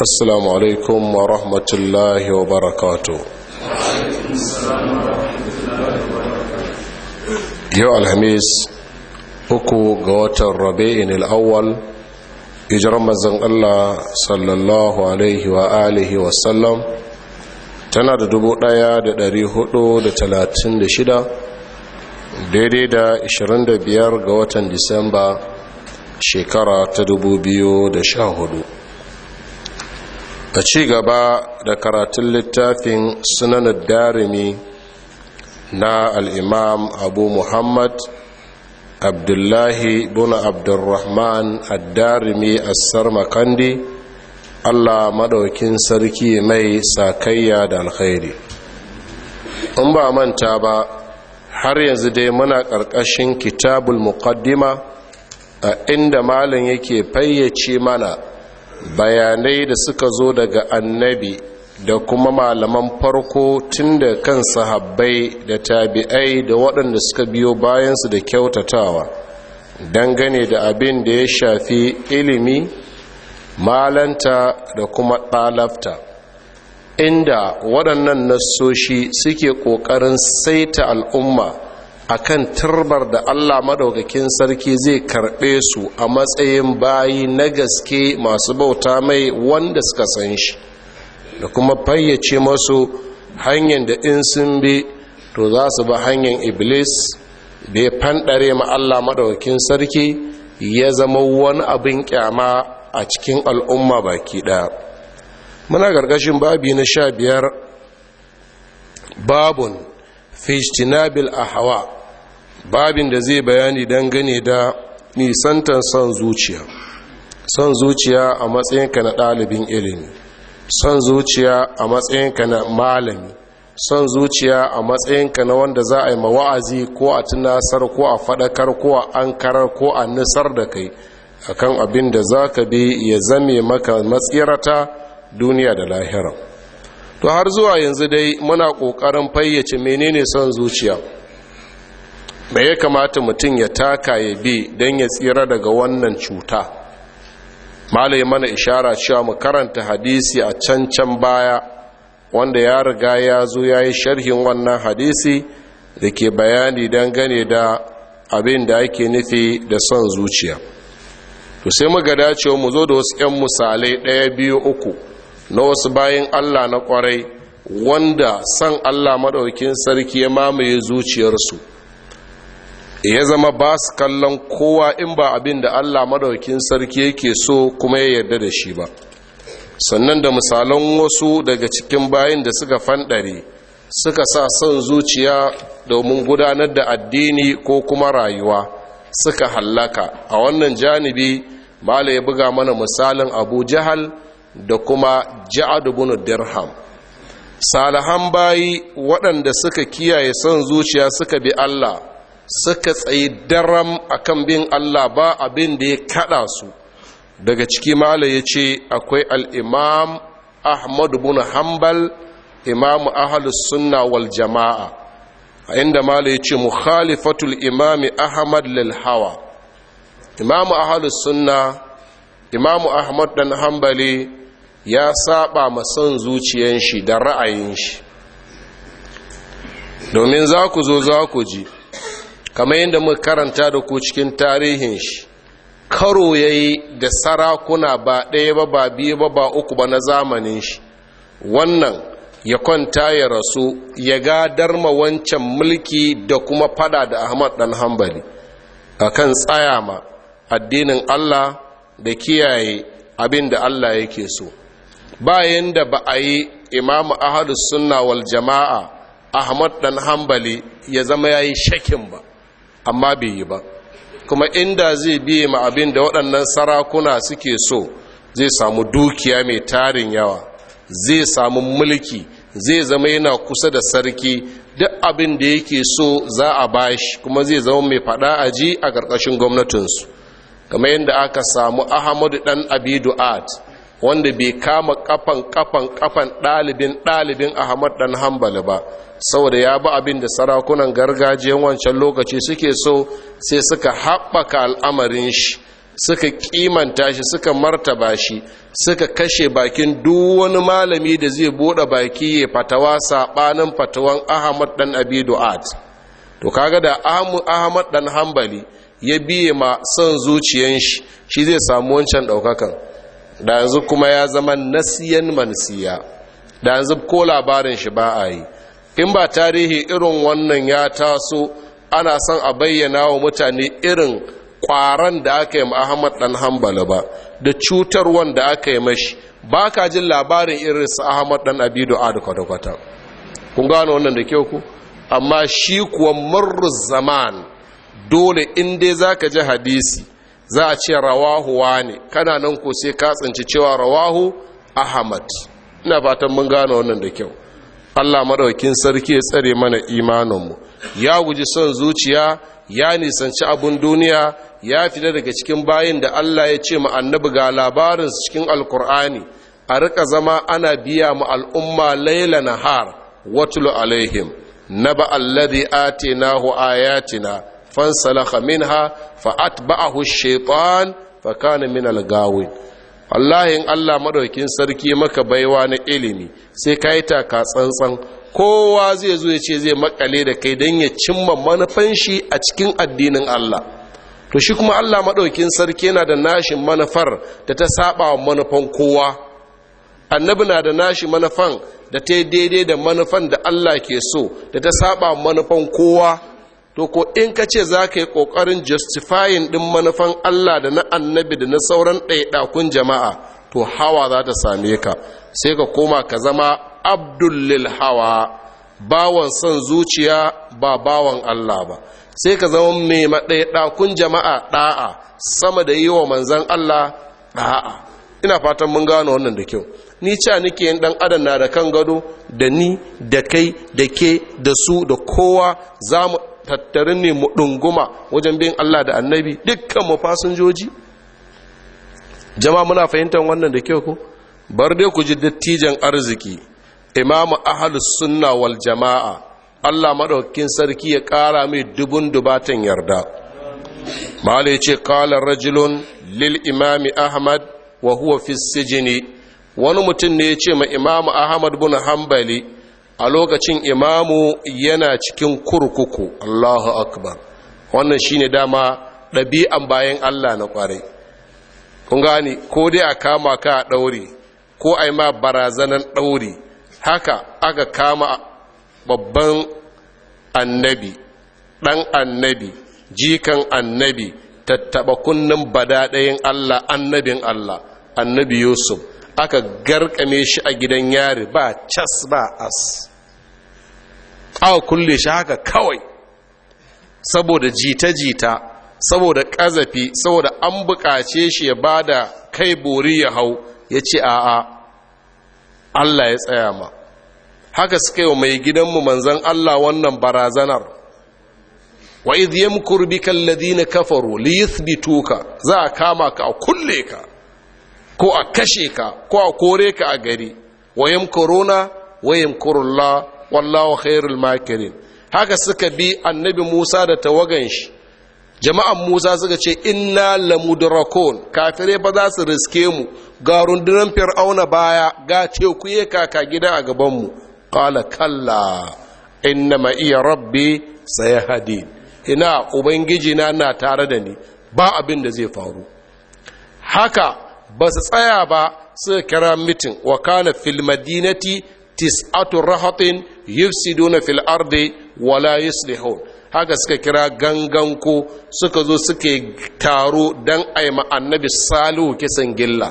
assalamu alaikum wa rahmatullahi wa barakatu yau alhamis uku ga watan rabi'in al'awwal ijiran mazan allah sallallahu alaihi wa alihi tana da dubu ɗaya da dari hudu da talatin da shida daidai da ishirin da biyar ga watan disamba shekara ta dubu biyu da sha hudu a ci gaba da karatun littafin sunanar darimi na al'imam abu muhammad abdullahi bin abdurrahman addarimi sarma makandi allah Madaukin sarki mai sakayya da alkhairi in ba manta ba har yanzu dai muna ƙarƙashin kitabul muqaddima a inda malin yake fayyace mana bayanai da suka zo daga annabi da kuma malaman farko tun da kan sahabbai da tabi'ai da waɗanda suka biyo bayansu da kyautatawa dangane da abin da ya shafi ilimi malanta da kuma ɗalafta inda waɗannan nassoshi suke ƙoƙarin saita al'umma akan turbar da Allah madaukakin sarki zai karɓe su a matsayin bayi na gaske masu bauta mai wanda suka san shi da kuma fayyace masu hanyar da in sun bi to za su ba hanyar iblis da ya fanɗare ma Allah madaukakin sarki ya zama wani abin kyama a cikin al'umma baki ɗaya muna gargashin babi na sha biyar babun fi a hawa babin da zai bayani dangane da nisantar son zuciya son zuciya a matsayinka na ɗalibin ilimi son zuciya a matsayinka na malami son zuciya a matsayinka na wanda za a yi mawa'azi ko a tunasar ko a faɗakar ko a ankarar ko a nisar da kai a kan abin da za ka bi ya zame maka matsirata duniya da lahira to har zuwa yanzu dai muna ƙoƙarin fayyace menene son zuciya Mai ya kamata mutum ya taka ya bi don ya tsira daga wannan cuta malai mana ishara cewa mu karanta hadisi a can can baya wanda ya riga ya zo ya yi sharhin wannan hadisi da ke bayani don gane da abin da ake nufi da son zuciya to sai muga dacewa mu zo da wasu 'yan misalai ɗaya biyu uku na wasu bayan allah na ƙwarai wanda son allah maɗaukin sarki ya mamaye zuciyarsu ya zama ba su kallon kowa in ba abin da allah madaukin sarki yake so kuma ya yarda da shi ba sannan da misalan wasu daga cikin bayan da suka fanɗare suka sa son zuciya domin gudanar da addini ko kuma rayuwa suka hallaka a wannan janibi mala ya buga mana misalin abu jahal da kuma ja'adu bin dirham salahan bayi waɗanda suka kiyaye son zuciya suka bi allah suka tsayi daram akan bin Allah ba abin da ya kada su daga ciki mala ya ce akwai al'imam ahmad bin hanbal imam ahalus sunna wal jama'a a inda mala ya ce mukhalifatul imami ahmad lalhawa hawa imam ahalus sunna imam ahmad dan hanbali ya saba masan son shi da ra'ayin shi domin za ku zo za ku ji kamar yadda muka karanta da ku cikin tarihin shi karo ya yi da sarakuna ba ɗaya ba ba biyu ba ba uku ba na zamanin shi wannan ya kwanta ya rasu ya gadar ma wancan mulki da kuma fada da ahmad ɗan hambali a kan tsaya ma addinin allah da kiyaye abin da allah yake so bayan da ba a yi imamu ahadu sunna wal jama'a ahmad ɗan hambali ya zama ya yi shakin ba amma bai yi ba kuma inda zai biye ma abin da waɗannan sarakuna suke so zai samu dukiya mai tarin yawa zai samu mulki zai zama yana kusa da sarki duk abin da yake so za a bashi kuma zai zama mai fada a ji a ƙarƙashin gwamnatinsu kamar yadda aka samu ahmadu ɗan Abidu Ad. wanda bai kama kafan kafan kafan ɗalibin ɗalibin ahmad dan hambali ba saboda ya bi abin da sarakunan gargajiyan wancan lokaci suke so sai suka haɓaka al'amarin shi suka kimanta shi suka martaba shi suka kashe bakin duk wani malami da zai buɗe baki ya fatawa saɓanin fatawan ahmad dan abidu at to kaga da ahmad dan hambali ya biye ma son zuciyan shi shi zai samu wancan ɗaukakan da yanzu kuma ya zama nasiyan mansiya da yanzu ko labarin shi ba a yi in ba tarihi irin wannan ya taso ana son a bayyana wa mutane irin kwaran da aka yi ahmad dan hambala ba da cutar wanda aka yi mashi ba ka jin labarin irin su ahmad dan abidu a da kwata-kwata kun gano wannan da kyau ku amma shi kuwa murrus zaman dole in dai za ka ji hadisi za a ce rawahu ne kana nan ko sai ka tsinci cewa rawahu ahmad ina fatan mun gane wannan da kyau Allah madaukin sarki ya tsare mana imaninmu ya guji son zuciya ya nisanci abun duniya ya fita daga cikin bayin da Allah ya ce mu annabi ga labarin cikin alkur'ani a rika zama ana biya mu al'umma laila nahar watulu alaihim naba alladhi atinahu ayatina fansalakha minha fa atba'ahu shaytan fa kana min al-gawin wallahi in Allah madaukin sarki maka baiwa na ilimi sai ka yi taka tsantsan kowa zai zo ya ce zai makale da kai don ya cimma manufan shi a cikin addinin Allah to shi kuma Allah madaukin sarki yana da nashi manufar da ta saba wa manufan kowa annabi na da nashi manufan da ta daidai da manufan da Allah ke so da ta saba wa manufan kowa to ko in ka ce za ka yi ƙoƙarin justifying ɗin manufan Allah da na annabi da na sauran ɗaiɗakun jama'a to hawa za ta same ka sai ka koma ka zama abdullil hawa bawan son zuciya ba bawan Allah ba sai ka zama mai maɗaiɗakun jama'a ɗa'a sama da yi wa manzan Allah ɗa'a ina fatan mun gano wannan da kyau ni ca nake yin ɗan adam na da kan gado da ni da kai da ke da su da kowa za mu tattare ne mu ɗunguma wajen bin Allah da annabi dukkan mu fasinjoji jama'a muna fahimtar wannan da kyau ko bar dai ku ji dattijan arziki imamu ahlus sunna wal jama'a Allah madaukakin sarki ya kara mai dubun dubatan yarda malai ya ce qala rajulun lil imami ahmad wa huwa fi sijni wani mutum ne ya ce ma imamu ahmad bin hanbali a lokacin imamu yana cikin kurkuku allahu akbar wannan shine dama ɗabi'an bayan allah na ƙwarai kun gani ko dai a kama ka a ɗauri ko a yi ma barazanan ɗaure haka aka kama babban annabi ɗan annabi jikan annabi tattaɓa kunnen badaɗayin allah annabin allah annabi yusuf aka garkame shi a gidan yari ba cas ba as awa kulle shi haka kawai saboda jita-jita saboda ƙazafi saboda an buƙace shi ya ba da kai bori ya hau ya ce a'a Allah ya tsaya ma haka suka yi wa mai gidanmu manzan Allah wannan barazanar wa idh yamkur bika alladhina kafaru li yuthbituka za a kama ka a kulle ka ko a kashe ka ko a kore ka a gari wa yamkuruna wa yamkurullah wallahu khairul makirin haka suka bi annabi Musa da tawagan shi jama'an Musa suka ce inna lamudrakun kafire ba za su riske mu ga rundunar fir'auna baya ga teku ya kaka gida a gaban mu qala kalla inna ma iya rabbi sayahdi ina ubangiji na na tare da ni ba abin da zai faru haka ba su tsaya ba suka kira mitin wa kana fil madinati tis'atu rahatin yufsiduna fil ardi wala yuslihun haka suka kira gangan ko suka zo suke taro dan aima annabi salihu kisan gilla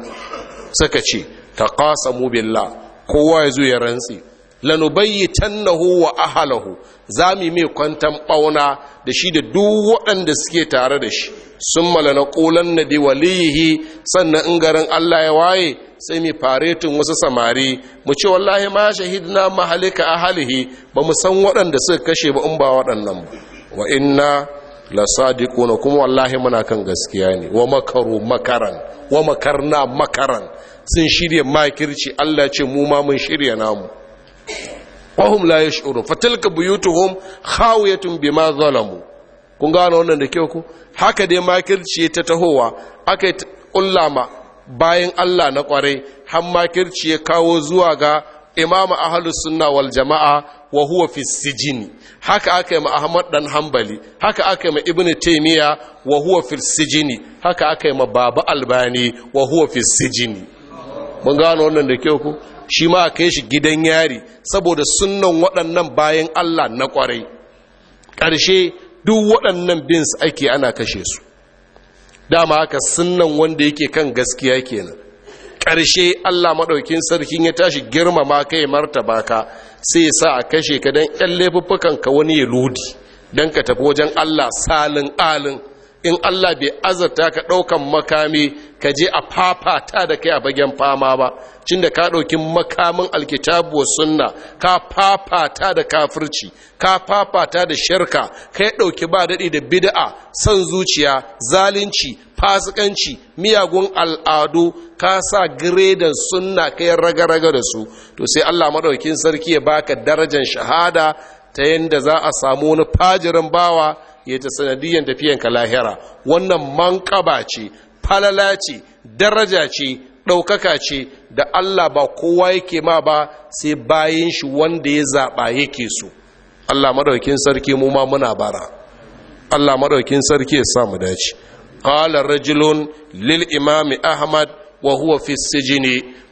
suka ce taqasamu billah kowa ya zo ya rantsi lanubayyitannahu wa ahalahu. mu zami mai kwantan bauna da shi da duk waɗanda suke tare da shi sun na ƙulan na di waliyihi sannan in garin Allah ya waye sai mu faretin wasu samari mu ce wallahi ma shahidna mahalika ahalihi ba mu san waɗanda suka kashe ba in ba waɗannan ba wa inna la sadiquna kuma wallahi muna kan gaskiya ne wa makaru makaran wa makarna makaran sun shirya makirci Allah ce mu ma mun shirya namu hum la yash'urun fatilka buyutuhum khawiyatun bima zalamu kun gano wannan da kyau ku haka dai makirci ta tahowa aka yi bayan Allah na kwarai har makirci ya kawo zuwa ga imamu ahlu sunna wal jama'a wa huwa fi sijini haka aka yi ma ahmad dan hanbali haka aka yi ma ibnu taymiya wa huwa fi sijini haka aka yi ma baba albani wa huwa fi sijini mun gano wannan da kyau ku shi ma a kai shi gidan yari saboda sunnan waɗannan bayan Allah na kwarai ƙarshe duk waɗannan bins ake ana kashe su dama haka sunan wanda yake kan gaskiya kenan ƙarshe allah maɗaukin sarkin ya tashi girmama kai martaba ka sai ya sa a kashe ka don ƴan laifuffukan ka wani ya ludi don ka tafi wajen allah salin alin in Allah bai azarta ka ɗaukan makami ka je a fafata da kai a bagen fama ba cin da ka ɗauki makamin alkitabuwa wa sunna ka fafata da kafirci ka fafata da shirka ka yi ɗauki ba daɗi da bid'a son zuciya zalunci fasikanci miyagun al'adu ka sa giredan sunna ka yi raga-raga da su to sai Allah maɗaukin sarki ya baka darajar shahada ta yadda za a samu wani fajirin bawa ya ta sanadiyyar tafiyanka lahira wannan manƙaba ce falala ce daraja ce ɗaukaka ce da allah ba kowa yake ma ba sai bayan shi wanda ya zaɓa yake so allah maɗaukin sarki mu ma muna bara allah maɗaukin sarki ya sa mu dace ƙalar rajulun lil imami ahmad wa huwa fi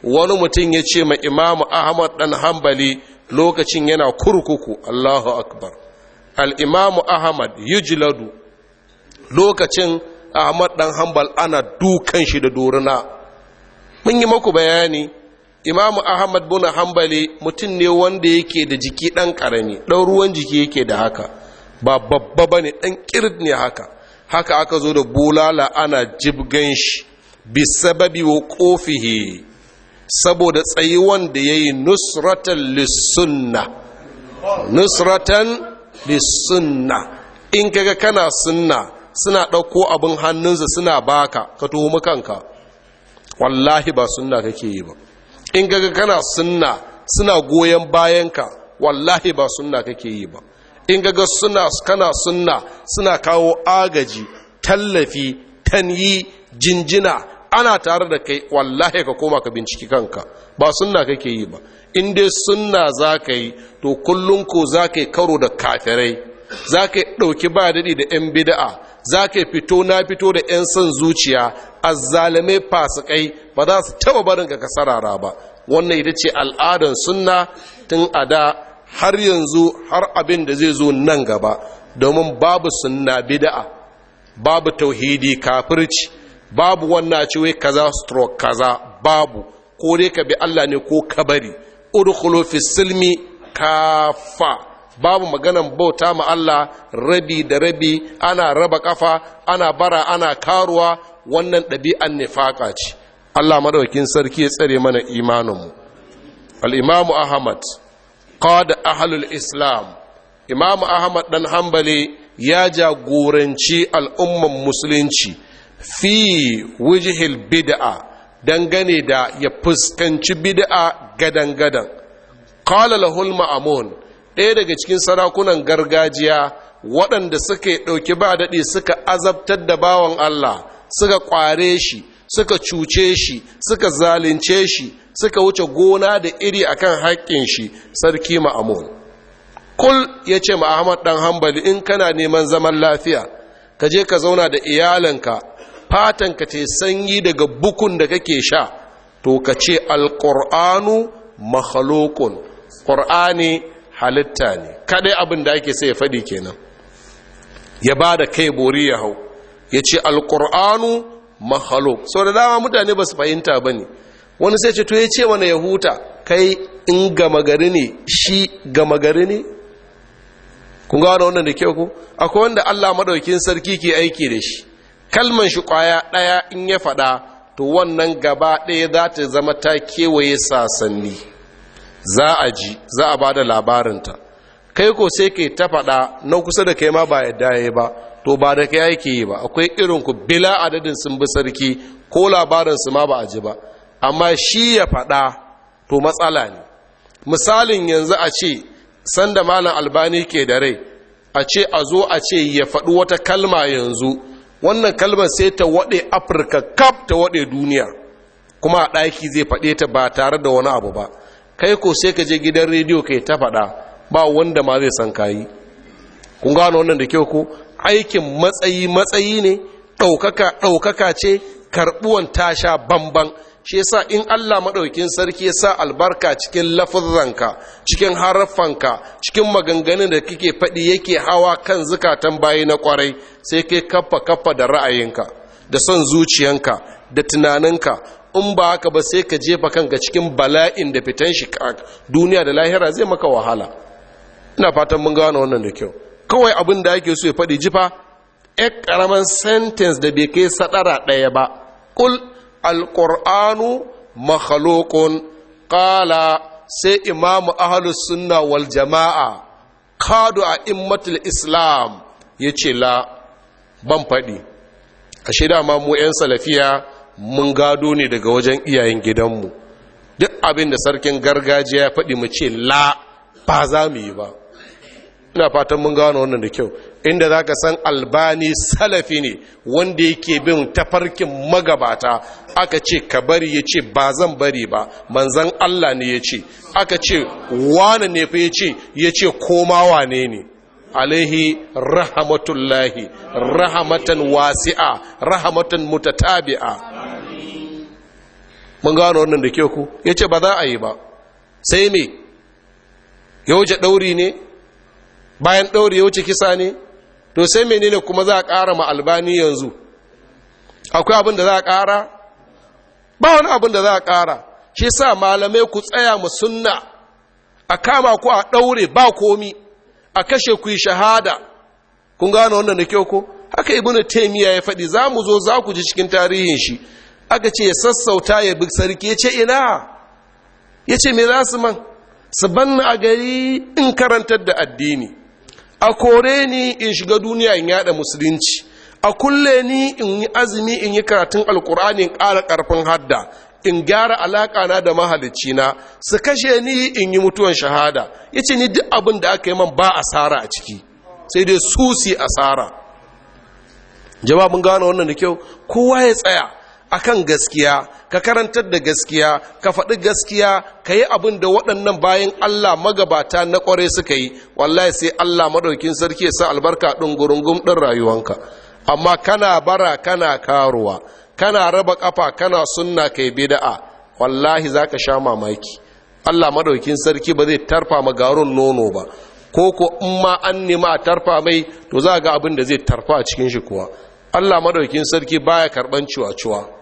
wani mutum ya ce ma imamu ahmad ɗan hambali lokacin yana kurkuku allahu akbar al'imamu ahmad yujladu lokacin ahmad ɗan hambal ana dukan shi da doruna mun yi maku bayani imamu ahmad buna hambali mutum ne wanda yake da jiki ɗan ƙarami ɗan ruwan jiki yake da haka ba babba ba ne ɗan ƙirt ne haka haka aka zo da bulala ana jibgan shi sababi wa ƙofihi saboda tsayi wanda ya yi nusratan lissunna nusratan sunna in kaga kana sunna suna ɗauko abin hannunsa suna baka ka tuhumi kanka wallahi ba sunna kake yi ba in kaga kana sunna suna goyon bayanka wallahi ba sunna kake yi ba in kaga suna kana sunna suna kawo agaji tallafi tanyi jinjina ana tare da kai wallahi ka koma ka binciki kanka ba sunna kake yi ba in dai sunna za ka yi to kullum ko za ka yi karo da kafirai za ka ɗauki ba daɗi da 'yan bida'a za ka fito na fito da 'yan son zuciya a azzalame fasikai ba za su taba barin ka sarara ba wannan ita ce al'adar sunna tun a da har yanzu har abin da zai zo nan gaba domin babu sunna bida'a babu tauhidi kafirci babu wannan cewa kaza stroke kaza babu ko dai ka bi Allah ne ko kabari. udkhulu fi silmi kafa babu maganan bauta ma Allah rabi da rabi ana raba kafa ana bara ana karuwa wannan ɗabi'an nifaka ce Allah madaukin sarki ya tsare mana imaninmu al-imamu ahmad qad ahlul islam imamu ahmad dan hanbali ya jagoranci al'umman musulunci fi wujihil bid'a dangane da ya fuskanci bid'a gadan-gadan qala lahul ma'amun ɗaya daga cikin sarakunan gargajiya waɗanda suka ɗauki ba daɗi suka azabtar da bawan Allah suka ƙware shi suka cuce shi suka zalunce shi suka wuce gona da iri akan haƙƙin shi sarki ma'amun kul ya ce ma ahmad ɗan hambali in kana neman zaman lafiya ka je ka zauna da iyalanka Ka ce sanyi daga bukun da kake sha to ka ce alƙur'anu makhalukun ƙur'ani halitta ne kaɗai abin da ake sai ya faɗi kenan ya ba da kai bori ya hau ya ce alƙur'anu makhaluk sau da dama mutane ba su fahimta ba ne wani sai ce to ya ce mana ya huta kai in gama gari ne shi gama gari ne kun gano wannan da kyau ku akwai wanda allah madaukin sarki ke aiki da shi kalman shi kwaya ɗaya in ya faɗa to wannan gaba ɗaya za ta zama ta kewaye sasanni za a ji za a ba da labarinta kai ko sai ke ta faɗa na kusa da kai ma ba yadda ya ba to ba da kai yake yi ba akwai irin ku bila adadin sun bi sarki ko labarin su ma ba a ji ba amma shi ya faɗa to matsala ne misalin yanzu a ce sanda malam albani ke da rai a ce a zo a ce ya faɗi wata kalma yanzu wannan kalmar sai ta waɗe afirka kaf ta waɗe duniya kuma a ɗaki zai faɗe ta ba tare da wani abu ba kai ko sai ka je gidan rediyo kai ta faɗa ba wanda ma zai san kayi kun gano wannan da kyau ko aikin matsayi matsayi ne ɗaukaka ɗaukaka ce karɓuwan tasha bamban shi yasa in Allah maɗaukin sarki ya sa albarka cikin lafuzzanka cikin harafanka cikin maganganun da kike faɗi yake hawa kan zukatan bayi na kwarai sai kai kafa kafa da ra'ayinka da son zuciyanka da tunaninka in ba haka ba sai ka jefa kanka cikin bala'in da fitan shi duniya da lahira zai maka wahala ina fatan mun gano wannan da kyau kawai abin da ake so ya faɗi jifa ƴan ƙaramin sentence da bai kai sadara ɗaya ba kul alƙur'anu makhalukun ƙala sai imamu ahalus sunna wal jama'a kadu a immatul islam ya ce la ban faɗi a ma mu 'yan salafiya mun gado ne daga wajen iyayen gidanmu duk abin da sarkin gargajiya ya faɗi mu ce la ba za mu yi ba ina fatan mun gano wannan da kyau inda za ka san albani salafi ne wanda yake bin tafarkin magabata aka ce ka bari ya ce ba zan bari ba manzan Allah ne ya ce aka ce wane ne fa ya ce ya ce koma wane ne alaihi rahamatullahi rahamatan wasi'a rahamatan mutatabi'a mun gano wannan da ke ku ya ce ba za a yi ba sai ne. ya wuce ɗauri ne bayan ɗauri ya wuce kisa ne to sai menene kuma za a ƙara ma albani yanzu akwai abin da za a ƙara ba wani abin da za a ƙara shi sa malamai ku tsaya mu sunna a kama ku a ɗaure ba komi a kashe ku yi shahada kun gano wannan da kyau ko haka ibnu taymiya ya faɗi za mu zo za ku ji cikin tarihin shi aka ce ya sassauta ya bi sarki ya ce ina ya ce me za su man su banna a gari in karantar da addini a kore ni in shiga duniya in yada musulunci a kulle ni in yi azumi in yi karatun alkur'ani in ƙara karfin hadda in gyara alaƙa na da mahalicci na su kashe ni in yi mutuwan shahada ya ce ni duk abin da aka yi man ba asara a ciki sai dai su si asara jawabin gane gano wannan da kyau kowa ya tsaya akan gaskiya ka karantar da gaskiya ka faɗi gaskiya ka yi abin da waɗannan bayan Allah magabata na ƙware suka yi wallahi sai Allah maɗaukin sarki ya sa albarka ɗin gurungum ɗin rayuwanka amma kana bara kana karuwa kana raba ƙafa kana sunna kai bida'a wallahi za ka sha mamaki Allah maɗaukin sarki ba zai tarfa ma garun nono ba ko ko in ma an nema a tarfa mai to za ga abin da zai tarfa a cikin shi kuwa Allah maɗaukin sarki baya karɓan cuwa-cuwa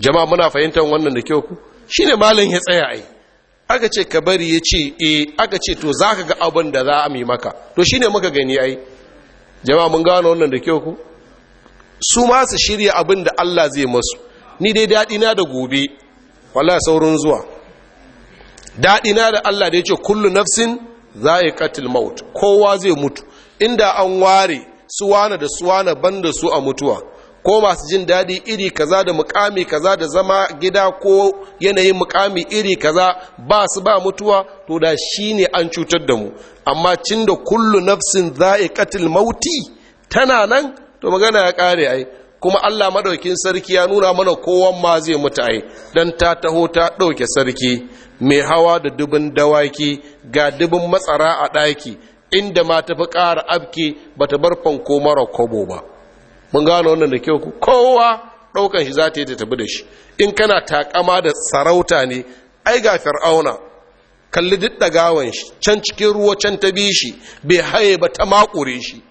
jama'a muna fahimtar wannan da kyau ku shine malam ya tsaya ai aka ce ka bari ya ce eh aka ce to zaka ga abin da za a mi maka to shine muka gani ai jama'a mun gano wannan da kyau ku su ma shirya abin da Allah zai masu ni dai dadi na da gobe wallahi saurin zuwa daɗina na da Allah da ya ce kullu nafsin za'iqatul maut kowa zai mutu inda an ware suwana da suwana banda su a mutuwa ko masu jin daɗi iri kaza da mukami kaza da zama gida ko yanayin mukami iri kaza ba su ba mutuwa to da shi ne an cutar da mu amma cin da kullu nafsin za'iqatil mauti tana nan to magana ya kare ai kuma Allah madaukin sarki ya nuna mana kowan ma zai mutu ai dan ta taho ta ɗauke sarki mai hawa da dubin dawaki ga dubin matsara a ɗaki inda ma tafi ƙara abki bata bar fanko mara kobo ba mun gano wannan da kyau ku kowa ɗaukan shi za ta yi ta tabi da shi in kana takama da sarauta ne ai ga fir'auna kalli duk gawan shi can cikin ruwa can ta bi shi bai haye ba ta makure shi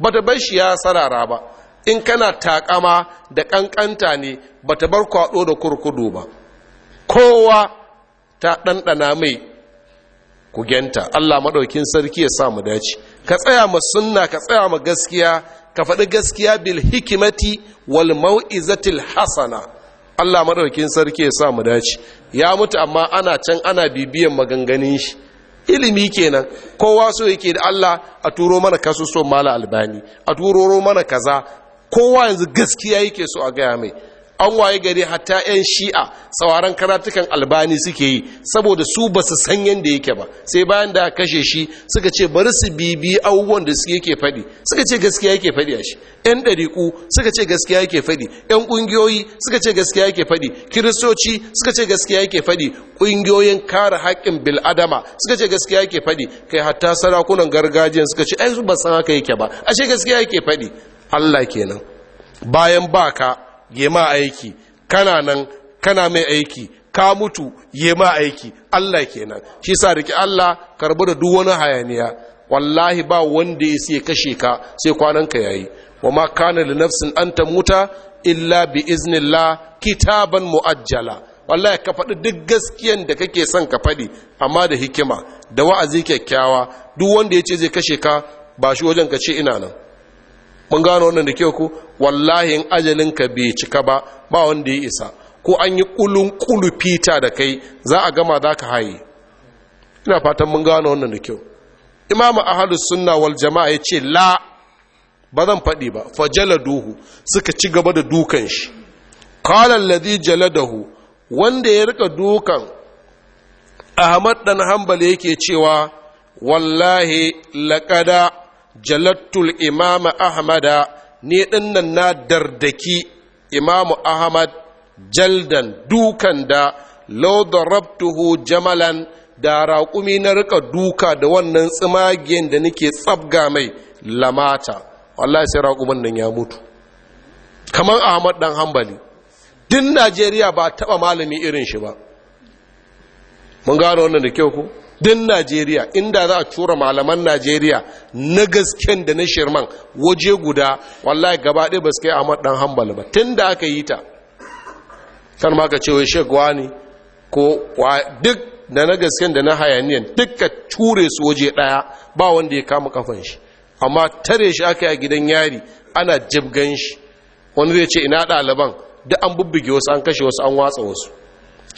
ba ta bar shi ya sarara ba in kana takama da ƙanƙanta ne ba ta bar kwado da kurkudu ba kowa ta ɗanɗana mai ku kugenta Allah maɗaukin sarki ya sa mu dace ka tsaya ma sunna ka tsaya ma gaskiya ka faɗi gaskiya bil hikimati wal mau'izatil hasana Allah madaukin sarki ya sa mu dace ya mutu amma ana can ana bibiyan maganganun shi ilimi kenan kowa so yake da Allah a turo mana kasusun mala albani a turo mana kaza kowa yanzu gaskiya yake so a gaya mai an waye gari hatta 'yan shi'a tsawaran karatukan albani suke yi saboda su ba su san yadda yake ba sai bayan da kashe shi suka ce bari su bibi abubuwan da suke yake faɗi suka ce gaskiya yake faɗi a shi 'yan ɗariƙu suka ce gaskiya yake faɗi 'yan ƙungiyoyi suka ce gaskiya yake faɗi kiristoci suka ce gaskiya yake faɗi ƙungiyoyin kare haƙƙin bil'adama suka ce gaskiya yake faɗi kai hatta sarakunan gargajiya suka ce ai ba san haka yake ba a ce gaskiya yake faɗi Allah kenan bayan baka yema aiki kana nan kana mai aiki ka mutu yema aiki Allah kenan shi sa riki Allah karbu da duk wani hayaniya wallahi ba wanda ya sai kashe ka sai kwanan ka yayi ma kana li nafsin an tamuta illa bi iznillah kitaban muajjala wallahi ka faɗi duk gaskiyan da kake son ka faɗi amma da hikima da wa'azi kyakkyawa duk wanda ya ce zai kashe ka ba shi wajen ka ce ina nan mun gano wannan da kyau ku? wallahi in ajalinka bai cika ba ba wanda ya isa ko an yi kulun kulu fita da kai za a gama za ka haye ina fatan mun gano wannan da kyau imamu ahlu sunna wal jama'a ya ce la ba zan faɗi ba fajala duhu suka ci gaba da dukan shi kalan ladhi jaladahu wanda ya rika dukan ahmad dan hanbal yake cewa wallahi laƙada jalattul imamu ahmada ni dinnan na dardaki imamu ahmad jaldan dukan da law jamalan da raƙumi na rika duka da wannan tsimagen da nake tsabga mai lamata wallahi sai raƙumin nan ya mutu kamar ahmad dan hambali din najeriya ba taɓa malami irin shi ba mun gano wannan da kyau ko din najeriya inda za a tura malaman najeriya na gasken da na shirman waje guda wallahi gaba ɗaya ba su kai ahmad ɗan hambal ba tun da aka yi ta kan ma ka ce wai ko duk da na gasken da na hayaniyan duka ture su waje ɗaya ba wanda ya kama kafan shi amma tare shi aka yi a gidan yari ana jibgan shi wani zai ce ina ɗaliban duk an bubbuge wasu an kashe wasu an watsa wasu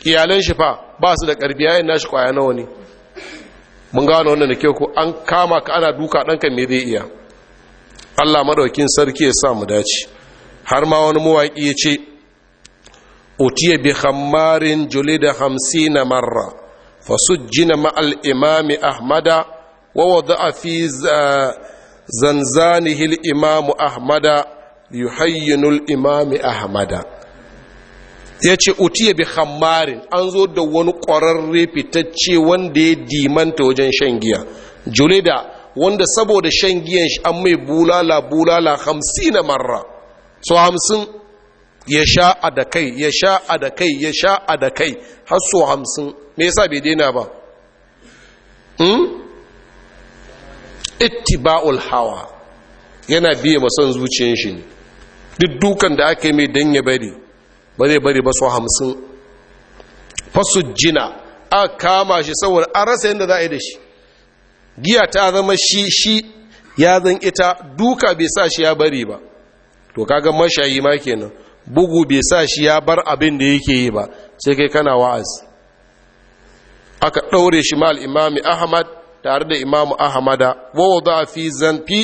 iyalan shi fa ba su da ƙarfi yayin nashi kwaya nawa ne mun gano wannan da kyau ko an kama ka ana duka ɗanka mai zai iya allah madaukin sarki ya sa mu dace har ma wani mawaƙi ya ce utiya bi da julida hamsina marra fasujjina ma'al imami ahmada wa wada'a fi zanzanihi al-imamu ahmada yuhayyinu al-imami ahmada ya ce utiya bi hammarin an zo da wani ƙwararre fitacce wanda ya dimanta wajen shan giya julida wanda saboda shan giyan shi an mai bulala bulala hamsin marra so hamsin ya sha a da kai ya sha a da kai ya sha a da kai har so hamsin me yasa bai daina ba hmm? ittiba'ul hawa yana biye masan zuciyar shi ne duk dukan da aka yi mai dan ya bari ba zai bari ba so hamsin fasujjina a kama shi saboda an rasa yadda za a yi da shi giya ta zama shi shi ya zan ita duka bai sa shi ya bari ba to kaga mashayi ma kenan bugu bai sa shi ya bar abin da yake yi ba sai kai kana wa'azi aka ɗaure shi ma al'imami ahmad tare da imamu ahmada a fi zanfi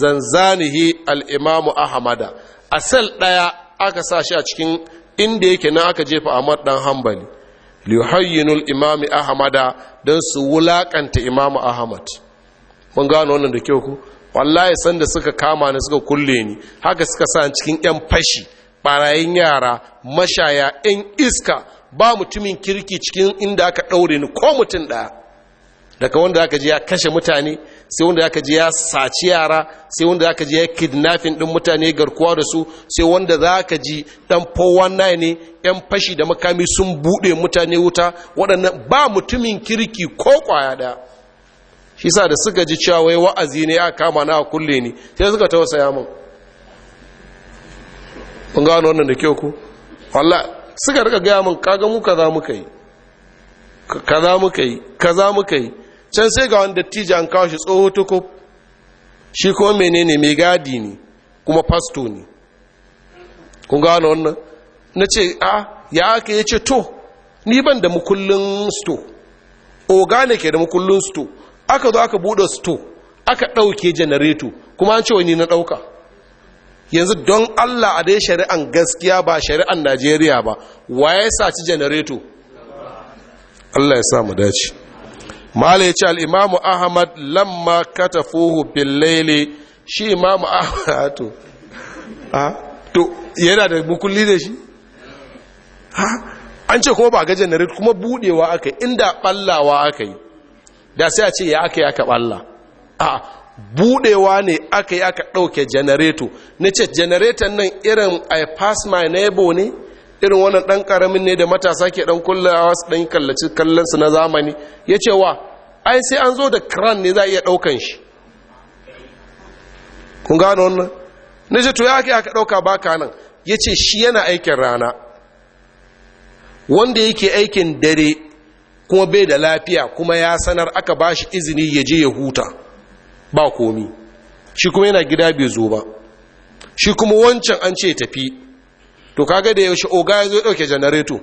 zanzanihi Al'imamu imamu ahmada a sel ɗaya aka sa shi a cikin inda yake na aka jefa ahmad dan Hambali, luhayyinul imami ahmada don su wulaƙanta imamu ahmad mun gano wannan da kyau ku wallahi san da suka kama ni suka kulle ni haka suka sa cikin yan fashi ɓarayin yara mashaya yan iska ba mutumin kirki cikin inda aka ɗaure ni ko mutum ɗaya. daga wanda aka je ya kashe mutane sai wanda zaka ji ya saci yara sai wanda zaka ji ya kidnapping din mutane garkuwa da su sai wanda zaka ji dan 419 ne yan fashi da makami sun bude mutane wuta waɗannan ba mutumin kirki ko kwaya da shi sa da suka ji cewa wai wa'azi ne aka kama na kulle ni sai suka tausaya min kun gano wannan da kyau ku walla suka rika gaya min kaga mu kaza muka yi kaza muka yi kaza muka yi can sai ga wanda tija an kawo shi tsoho tuku shi kuma menene mai gadi ne kuma fasto ne kun gano wannan na ce a ah, ya aka ya ce to ni ban da mukullin sto ogane ke da mukullin sto aka zo aka buɗe sto aka ɗauke janareto kuma an ce wani na ɗauka yanzu don allah a dai shari'an gaskiya ba shari'an najeriya ba wa ya saci janareto allah ya mu dace mala ya ce al'imamu ahmad lamma kata fuhu billaili shi imamu ahmad to to yana da bukulli da shi ha an ce kuma ba ga janarit kuma budewa aka yi inda ballawa aka yi da sai a ce ya aka yi aka balla a budewa ne aka yi aka ɗauke janareto na ce janareton nan irin i pass my neighbor ne irin wannan ɗan karamin ne da matasa ke ɗan kullawa su ɗan kallaci kallon su na zamani ya ce wa ai sai an zo da kran ne za a iya ɗaukan shi kun gano wannan na je to ya ake aka ɗauka baka nan ya ce shi yana aikin rana wanda yake aikin dare kuma bai da lafiya kuma ya sanar aka ba shi izini ya je ya huta ba komi shi kuma yana gida bai zo ba shi kuma wancan an ce tafi to kaga da yaushe oga ya zo dauke janareto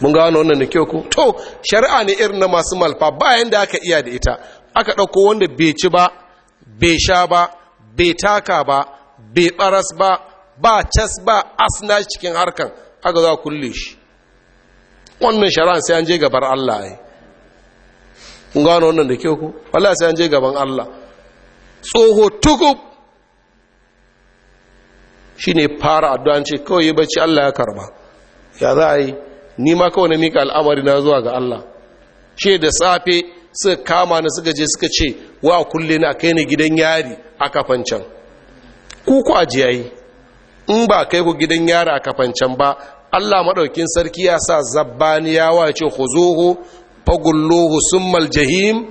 mun gano wannan da kyau ko to shari'a ne irin na masu malfa bayan da aka iya da ita aka ɗauko wanda bai ci ba bai sha ba bai taka ba bai baras ba ba cas ba asna cikin harkan aka za kulle shi wannan shari'a sai an je gabar Allah ai Mun gano wannan da kyau ko wallahi sai an je gaban Allah tsoho tukub shine fara addu'an ce kawai ya bacci Allah ya karba ya za a yi ni ma kawai na mika al'amari na zuwa ga Allah ce da safe suka kama na suka je suka ce wa kulle na kai ni gidan yari a kafancan ku ku ajiyayi in ba kai ku gidan yari a kafancan ba Allah maɗaukin sarki ya sa wa ce khuzuhu fagulluhu summal jahim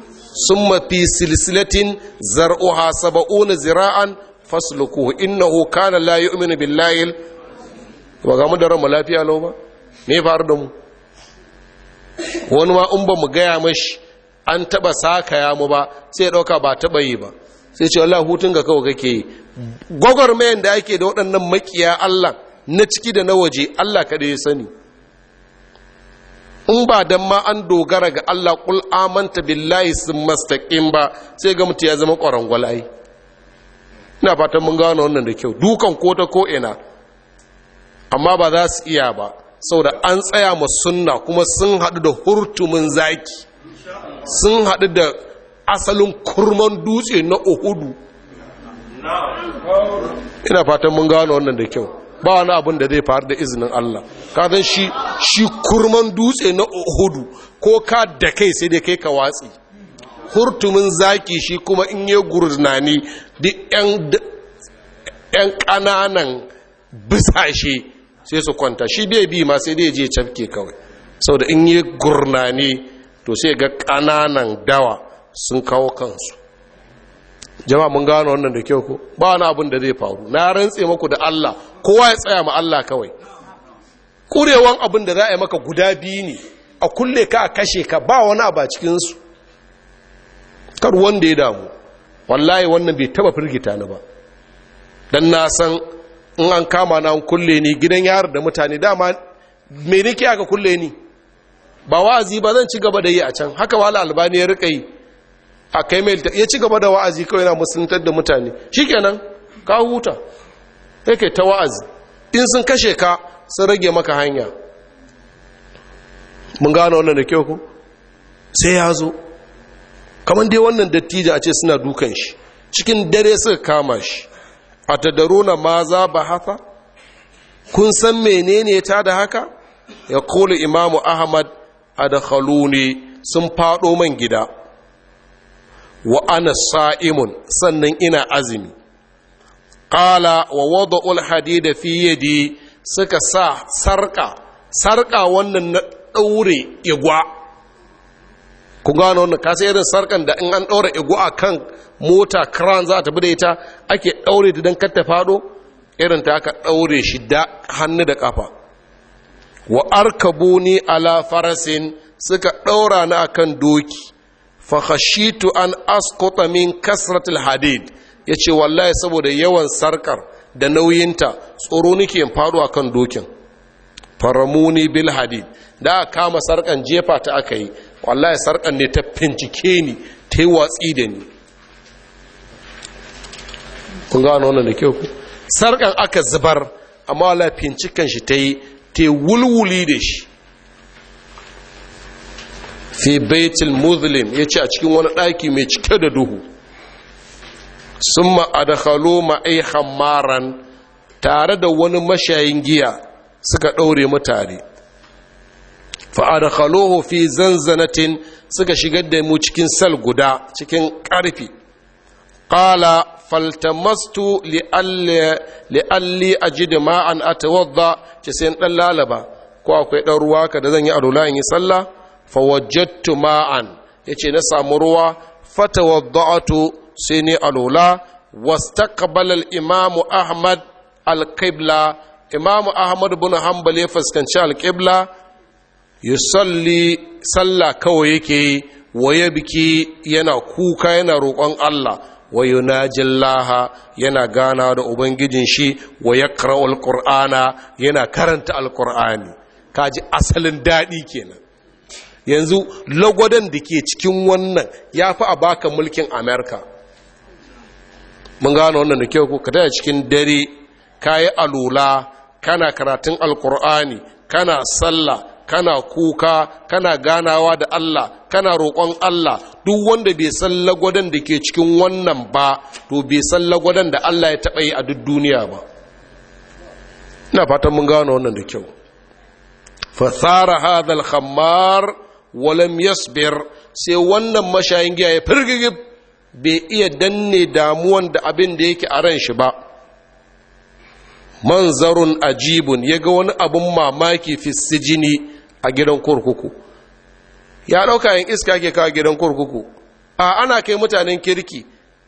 summa fi silsilatin zar'uha saba'una zira'an fasluku innahu kana la yu'minu billahi wa ga mu da lafiya lo ba me faru da mu wani ma in ba mu gaya mashi an taba ya mu ba sai ya dauka ba taba yi ba sai ce Allah hutun ga kawai kake gogor gwagwarmayan da ake da waɗannan makiya Allah na ciki da na waje Allah kaɗai ya sani in ba dan ma an dogara ga Allah kul amanta billahi sun mastaƙin ba sai ga mutu ya zama ƙwarangwalai ina fatan mun gano wannan da kyau dukan ko ta ko'ina, amma ba za su iya ba sau da an tsaya ma sunna kuma sun haɗu da hurtumin zaki sun haɗu da asalin kurman dutse na uhudu ina fatan mun gano wannan da kyau ba wani abin da zai faru da izinin Allah ka shi shi kurman dutse na uhudu ko ka da kai sai dai kai ka watsi hurtumin zaki shi kuma in yi gurnani duk 'yan ƙananan bisashe sai su kwanta shi bai bi ma sai dai je cafke kawai sau da in yi gurnani to sai ga ƙananan dawa sun kawo kansu jama'a mun gano wannan da kyau ko ba wani abin da zai faru na rantse maku da Allah kowa ya tsaya ma Allah kawai kurewan abin da za a yi maka guda biyu ne a kulle ka a kashe ka ba wani abu a cikinsu kar wanda ya damu wallahi wannan bai taba firgita ni ba dan na san in an kama na an kulle ni gidan yar da mutane dama me nake aka kulle ni ba wa'azi ba zan ci gaba da yi a can haka wala albani ya rika yi a kai mai ya ci gaba da wa'azi kawai na musuntar da mutane shikenan ka huta kai kai ta wa'azi in sun kashe ka sun rage maka hanya mun gano wannan da kyau ku sai ya zo kamar dai wannan dattijo a ce suna dukan shi cikin dare suka kama shi a tadaruna ma za ba haka kun san menene ta da haka ya kola imamu ahmad a da sun faɗo man gida wa ana sa'imun sannan ina azumi ƙala wa wadda ulhadi da fiye suka sa sarƙa sarƙa wannan na ɗaure igwa ku gano wannan kasa irin sarkan da in an ɗaura igu a kan mota kran za ta bi da ita ake ɗaure ta don kar ta irin ta aka ɗaure shi da hannu da ƙafa wa arkabuni ala farasin suka ɗaura na akan doki fahashitu an askota min kasratul hadid ya ce wallahi saboda yawan sarkar da nauyinta tsoro nake in faɗo akan dokin faramuni bil hadid da kama sarkan jefa ta aka yi wallahi sarƙar ne ta fincike ni ta yi watsi da ni kun gano wannan da kyau ku Sarƙar aka zubar amma wallahi fincikan shi ta yi ta yi wulwuli da shi fi baitul muslim ya ce a cikin wani ɗaki mai cike da duhu sun ma'adakalo ma'ai hamaran tare da wani mashayin giya suka ɗaure mutane. fa'adakhaluhu fi zanzanatin suka shigar da mu cikin sal guda cikin ƙarfi ƙala faltamastu li'alli da ma'an a tawadda ce sai ɗan lalaba ko akwai ɗan ruwa ka da zan yi rula in yi sallah fawajattu ma'an Ya ce na samu ruwa a to sai a rula wasta al-imam ahmad al-qibla imam ahmad bin hanbal ya fuskanci al-qibla yusalli sallah kawai yake yi biki yana kuka yana roƙon Allah wa Laha yana gana da ubangijin shi wa yaqra'u Alƙur'ana yana karanta alqur'ani kaji asalin daɗi kenan yanzu lagwadon da ke cikin wannan ya fi a baka mulkin amerika mun gano wannan da kyau ka taya cikin dare ka yi alula kana karatun alkur'ani kana sallah kana kuka kana ganawa da Allah kana roƙon Allah duk wanda bai san lagwadan da ke cikin wannan ba to bai san lagwadan da Allah ya taɓa yi a duk duniya ba ina fatan mun gano wannan da kyau fasara hadha khammar wa yasbir sai wannan mashayin giya ya firgigi bai iya danne damuwan da abin da yake a ran shi ba manzarun ajibun ya ga wani abun mamaki fi sijini a gidan kurkuku ya ɗauka yin iska ke kawo gidan kurkuku a ana kai mutanen kirki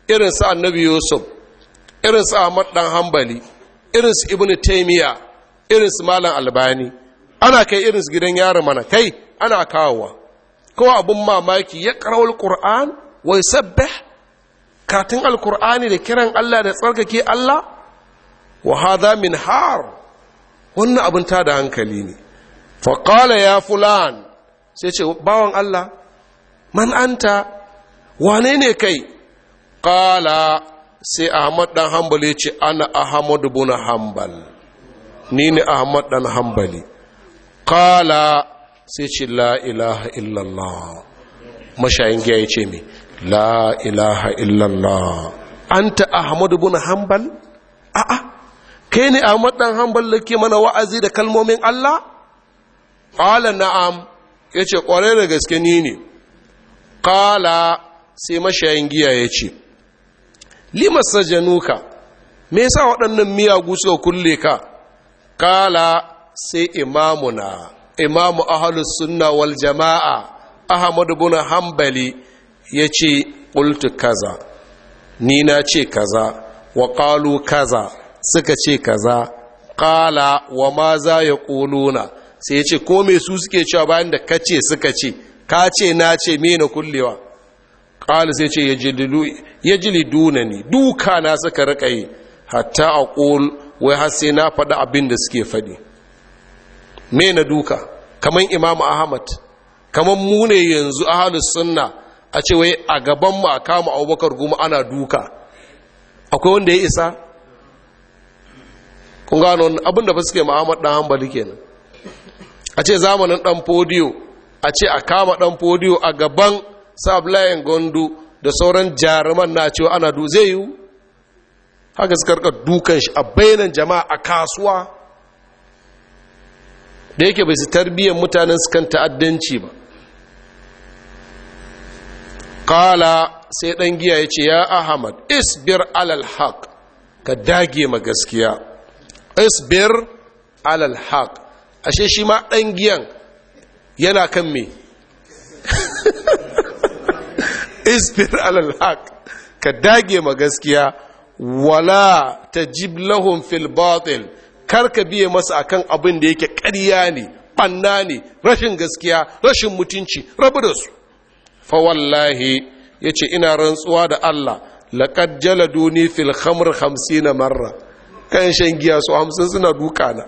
irin su annabi yusuf irin su ahmad dan hambali irin su ibnu taimiya irin su malam albani ana kai irin su gidan yari mana kai ana kawowa ko abin mamaki ya karawar qur'an wai sabbih katin alkur'ani da kiran Allah da tsarkake Allah wa hadha min har wannan abin ta da hankali ne faƙala ya fulan sai ce bawan Allah man anta wane ne kai ƙala sai ahmad ɗan hambali ce ana ahmad buna hambal ni ne ahmad ɗan hambali ƙala sai ce la ilaha illallah mashayin giya ya ce mai la ilaha illallah anta ahmad buna hambal a'a kai ne ahmad ɗan hambal da ke mana wa'azi da kalmomin Allah ƙala na'am ya ce ƙwarai da gaske ni ne ƙala sai mashayin giya ya ce limas sajanuka me yasa waɗannan miyagu suka kulle ka ƙala sai imamuna imamu ahalus sunna wal jama'a Ahmadu buna Hambali ya ce ƙultu kaza ni na ce kaza wa ƙalu kaza suka ce kaza ƙala wa ma za ya ƙuluna sai ya ce ko me su suke cewa bayan da kace suka ce ka ce na ce mena kullewa ƙalis sai ce ya ji duna ne duka na suka riƙa hatta a ƙol wai har sai na faɗi abin da suke faɗi mena duka kamar imam ahmad kamar mu ne yanzu ahalus sunna a ce wai a gaban mu a kama abubakar goma ana duka akwai wanda ya isa kun gano abin da ba suke muhammad dan hanbali kenan a ce zamanin ɗan fodiyo a ce a kama ɗan fodiyo a gaban sablayin gondo da sauran jaruman na cewa ana du zai yiwu haka su rika dukan shi a bainan jama'a a kasuwa da yake bai su tarbiyyar mutanen su kan ta'addanci ba kala sai ɗan giya ya ce ya ahmad isbir alal haq ka dage ma gaskiya isbir alal haq ashe shi ma ɗan giyan yana kan me isbir alal ka dage ma gaskiya wala tajib lahum fil batil kar ka biye masa akan abin da yake ƙarya ne banna ne rashin gaskiya rashin mutunci rabu da su fa wallahi yace ina rantsuwa da Allah laqad jaladuni fil khamr 50 marra kan shan giya su 50 suna duka na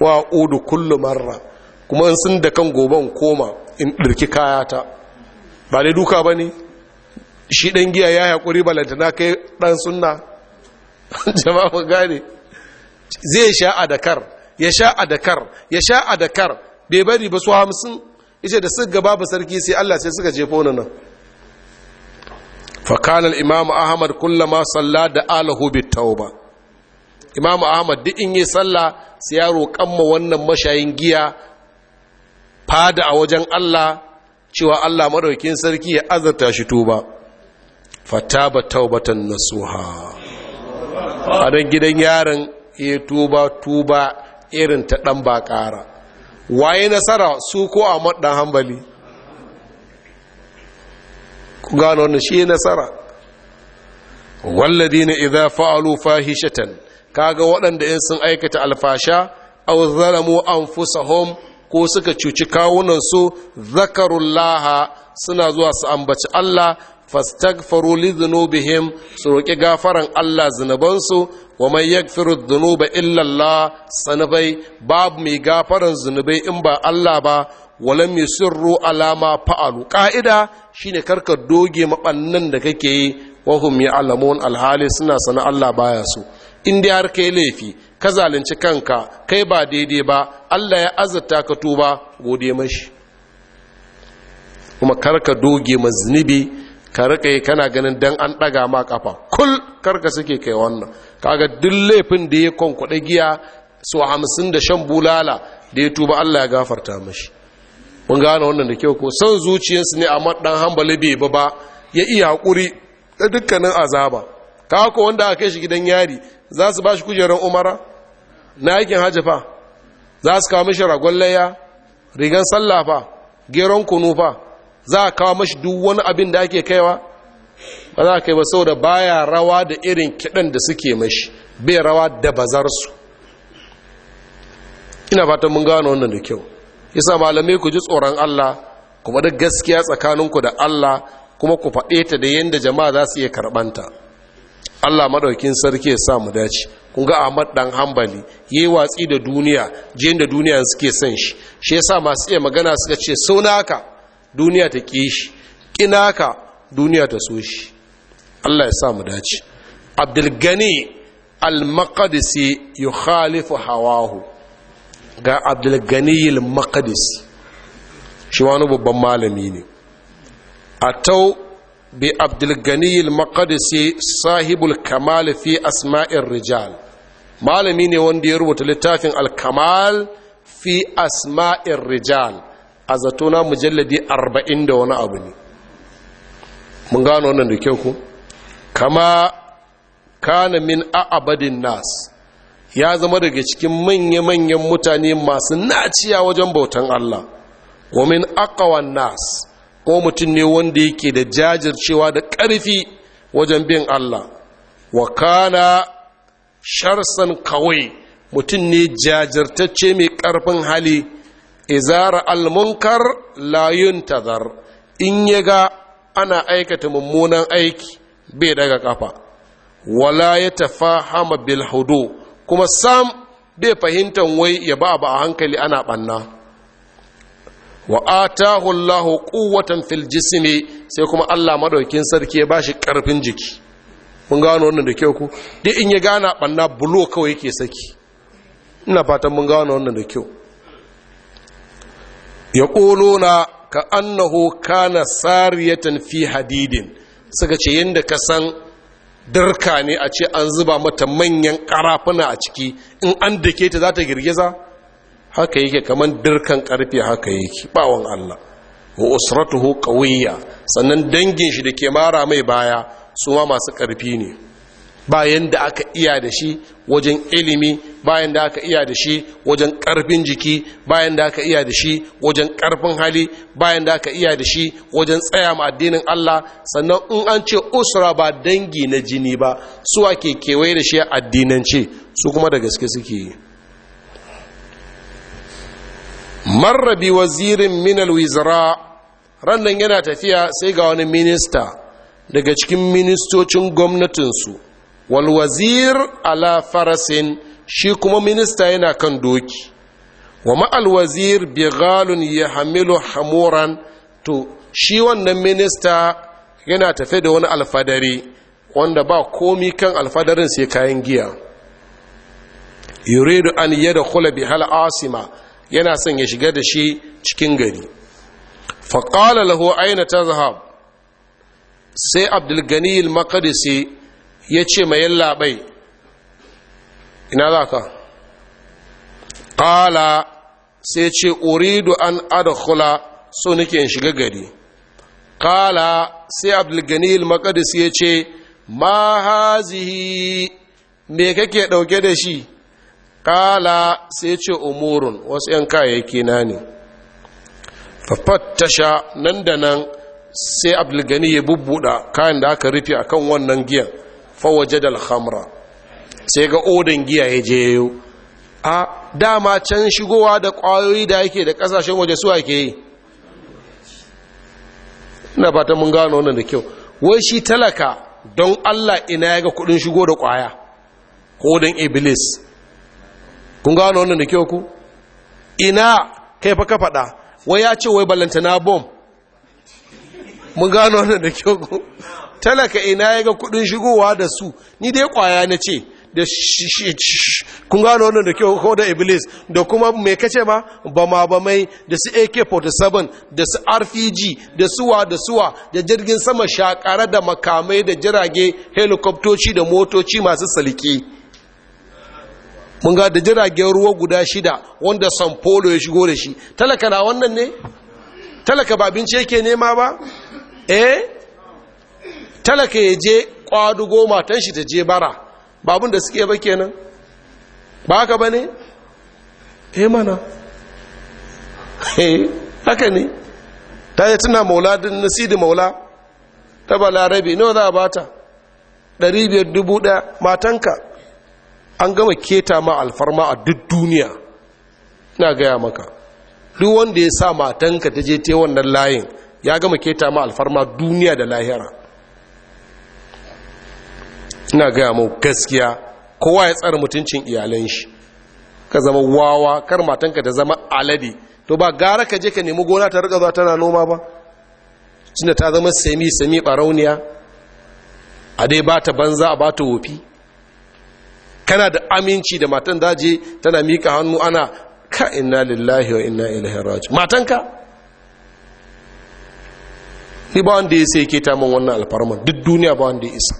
wa udu kullu marra kuma in sun da kan gobe in koma in dirki kayata ba dai duka ba ne shi ɗan giya ya yaƙuri balantana kai ɗan sunna jama'a mu gane zai sha a dakar ya sha a dakar ya sha a dakar bai bari ba su hamsin ishe da suka gaba ba sarki sai allah sai suka jefo ni nan Imam Ahmad أحمد كلما da alahu bit tauba imamu ahmad duk in yi sallah sai ya roƙan ma wannan mashayin giya fada a wajen allah cewa allah maɗaukin sarki ya azarta shi tuba fataba taubatan nasuha a don gidan yaron ya tuba tuba irin ta ɗan ba ƙara waye nasara su ko a maɗan hambali ku gano wannan shi nasara والذين إذا fa'alu fahishatan kaga waɗanda in sun aikata alfasha aw zalamu anfusahum ko suka cuci kawunansu zakarullaha suna zuwa su ambaci Allah fastaghfiru li dhunubihim su roki gafaran Allah zunubansu wa man yaghfiru dhunuba illa Allah sanabai babu mai gafaran zunubai in ba Allah ba walam yusirru ala ma fa'alu ƙa'ida shine karka doge maɓannan da kake yi wa hum ya'lamun alhali suna sana Allah baya so in dai har kai laifi ka zalunci kanka kai ba daidai ba Allah ya azata ka tuba gode mashi kuma karka doge maznibi ka yi kana ganin dan an ɗaga ma kafa kul karka suke kai wannan kaga duk laifin da ya kwankwaɗe giya su hamsin da shan bulala da ya tuba Allah ya gafarta mashi mun gane wannan da kyau ko son zuciyarsu ne a maɗan hambali bai ba ya iya haƙuri da dukkanin azaba kawo wanda aka kai shi gidan yari za su ba shi kujerar umara na aikin hajjafa za su kawo mashi ragon layya rigan sallafa geron kunufa za a kawo mashi duk wani abin da ake kaiwa ba za a kai ba saboda baya rawa da irin kiɗan da suke mashi bai rawa da bazarsu ina fatan mun gano wannan da kyau Isa malamai ku ji tsoron Allah kuma da gaskiya tsakaninku da Allah kuma ku faɗe ta da yadda jama'a za su iya karɓanta Allah madaukin sarki ya sa mu dace kun ga Ahmad dan Hanbali yayi watsi da duniya je da duniya suke son shi shi yasa masu iya magana suka ce saunaka duniya ta ki shi kinaka duniya ta so shi Allah ya sa mu dace Abdul Gani al-Maqdisi yukhalifu hawahu ga Abdul Gani al-Maqdisi shi wani babban malami ne atau bi abdulgani al-maqdisi sahibul kamal fi asma'ir rijal malami ne wanda ya rubuta littafin al-kamal fi asma'ir rijal a zatona mujalladi arba'in da wani abu ne mun gano wannan da kyau ku kama kana min a'abadin nas ya zama daga cikin manya-manyan mutane masu naciya wajen bautan Allah wa min nas ko mutum ne wanda yake da jajircewa da ƙarfi wajen bin Allah wa kana sharsan kawai mutum ne jajirtacce mai ƙarfin hali izara almunkar layun tazar in ya ga ana aikata mummunan aiki bai daga kafa wala ya tafa hama bilhudu kuma sam bai fahimtan wai ya ba ba a hankali ana ɓanna wa atahu Allahu quwwatan fil jismi sai kuma Allah madaukin sarki ya bashi karfin jiki mun gano wannan da kyau ku duk in ya gana banna bulo kawai yake saki ina fatan mun gano wannan da kyau yaquluna ka annahu kana sariyatan fi hadidin suka ce yanda ka san darka ne a ce an zuba mata manyan karafuna a ciki in an dake ta za ta girgiza haka yake kamar dirkan karfe haka yake bawon Allah wa usratuhu qawiyya sannan dangin shi da ke mara mai baya su ma masu karfi ne bayan da aka iya da shi wajen ilimi bayan da aka iya da shi wajen karfin jiki bayan da aka iya da shi wajen karfin hali bayan da aka iya da shi wajen tsaya ma addinin Allah sannan in an ce usra ba dangi na jini ba su ake kewaye da shi addinance su kuma da gaske suke yi marra bi wazirin min ran rannan yana tafiya sai ga wani minista daga cikin ministocin gwamnatinsu wal wazir ala farasin shi kuma minista yana kan doki wa ma'al wazir bighalun ya hamilu hamuran to shi wannan minista yana tafe da wani alfadari wanda ba komi kan alfadarin sai kayan giya yuridu an yadda kula bi hal asima yana son ya shiga da shi cikin gari faƙala lahu aina ta zahab sai abdulgani makadisi ya ce mai labai ina za ka ƙala sai ce uridu an adakula so nake in shiga gari ƙala sai abdulgani makadisi ya ce ma hazihi me kake ɗauke da shi kala sai ce umurun wasu 'yan kayayyaki na ne tasha nan da nan sai Abdulgani ya bubbuda kayan da aka rufe a kan wannan giyan fawaje da alhamra sai ga odin giya ya je yau a dama can shigowa da ƙwayoyi da yake da ƙasashen waje suwa ke yi ina fata mun gano wannan da kyau wai shi talaka don allah ina ya ga kuɗin shigo da kwaya kodin iblis kun gano wannan da kyau ku ina kai fa ka faɗa wai ya ce wai ballanta na bom mun gano wannan da kyau ku talaka ina ya ga kudin shigowa da su ni dai kwaya na ce da kun gano wannan da kyau ko da iblis da kuma mai kace ma ba mai da su ak-47 da su rpg da suwa da suwa da jirgin sama shakara da makamai da jirage helikoptoci da motoci masu saliki mun ga da jiragen ruwa guda shida wanda san Polo ya shigo da shi talaka na wannan ne talaka ba abinci yake nema ba eh talaka ya je goma tan shi ta je bara babun da suke ba kenan ba haka ba ne eh mana eh haka ne ta yi tuna maula din nasidi maula ta Balarabi nawa za a bata 500,000 matanka an gama keta ma alfarma a duk duniya ina gaya maka duk wanda ya sa matanka ta je te wannan layin ya gama keta ma alfarma duniya da lahira ina gaya mau gaskiya kowa ya tsara mutuncin iyalan shi ka zama wawa kar matanka ta zama alade to ba gara ka je ka nemi gona ta rika zuwa tana noma ba tunda ta zama sami sami barauniya a dai ba ta banza a ba ta wofi kana da aminci da matan daji tana mika hannu ana ka inna lillahi wa inna ilaihi raji matanka ni ba wanda ya sai ke ta min wannan alfarman duk duniya ba wanda ya isa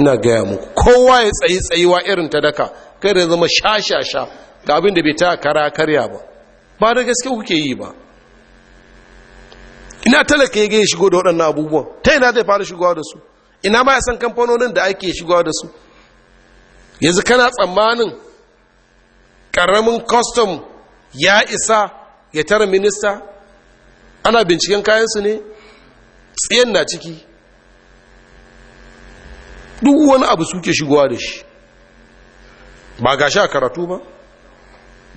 ina gaya muku kowa ya tsayi tsayiwa irin ta daka kai da zama sha-sha-sha ga abin da bai ta kara karya ba ba da gaske kuke yi ba ina talaka ya gaya shigo da waɗannan abubuwan ta ina zai fara shigowa da su ina ba ya san kamfanonin da ake shigowa da su yanzu kana tsammanin ƙaramin custom ya isa ya tara minista ana binciken kayansu ne tsayen na ciki duk wani abu suke shigowa da shi ba ga sha karatu ba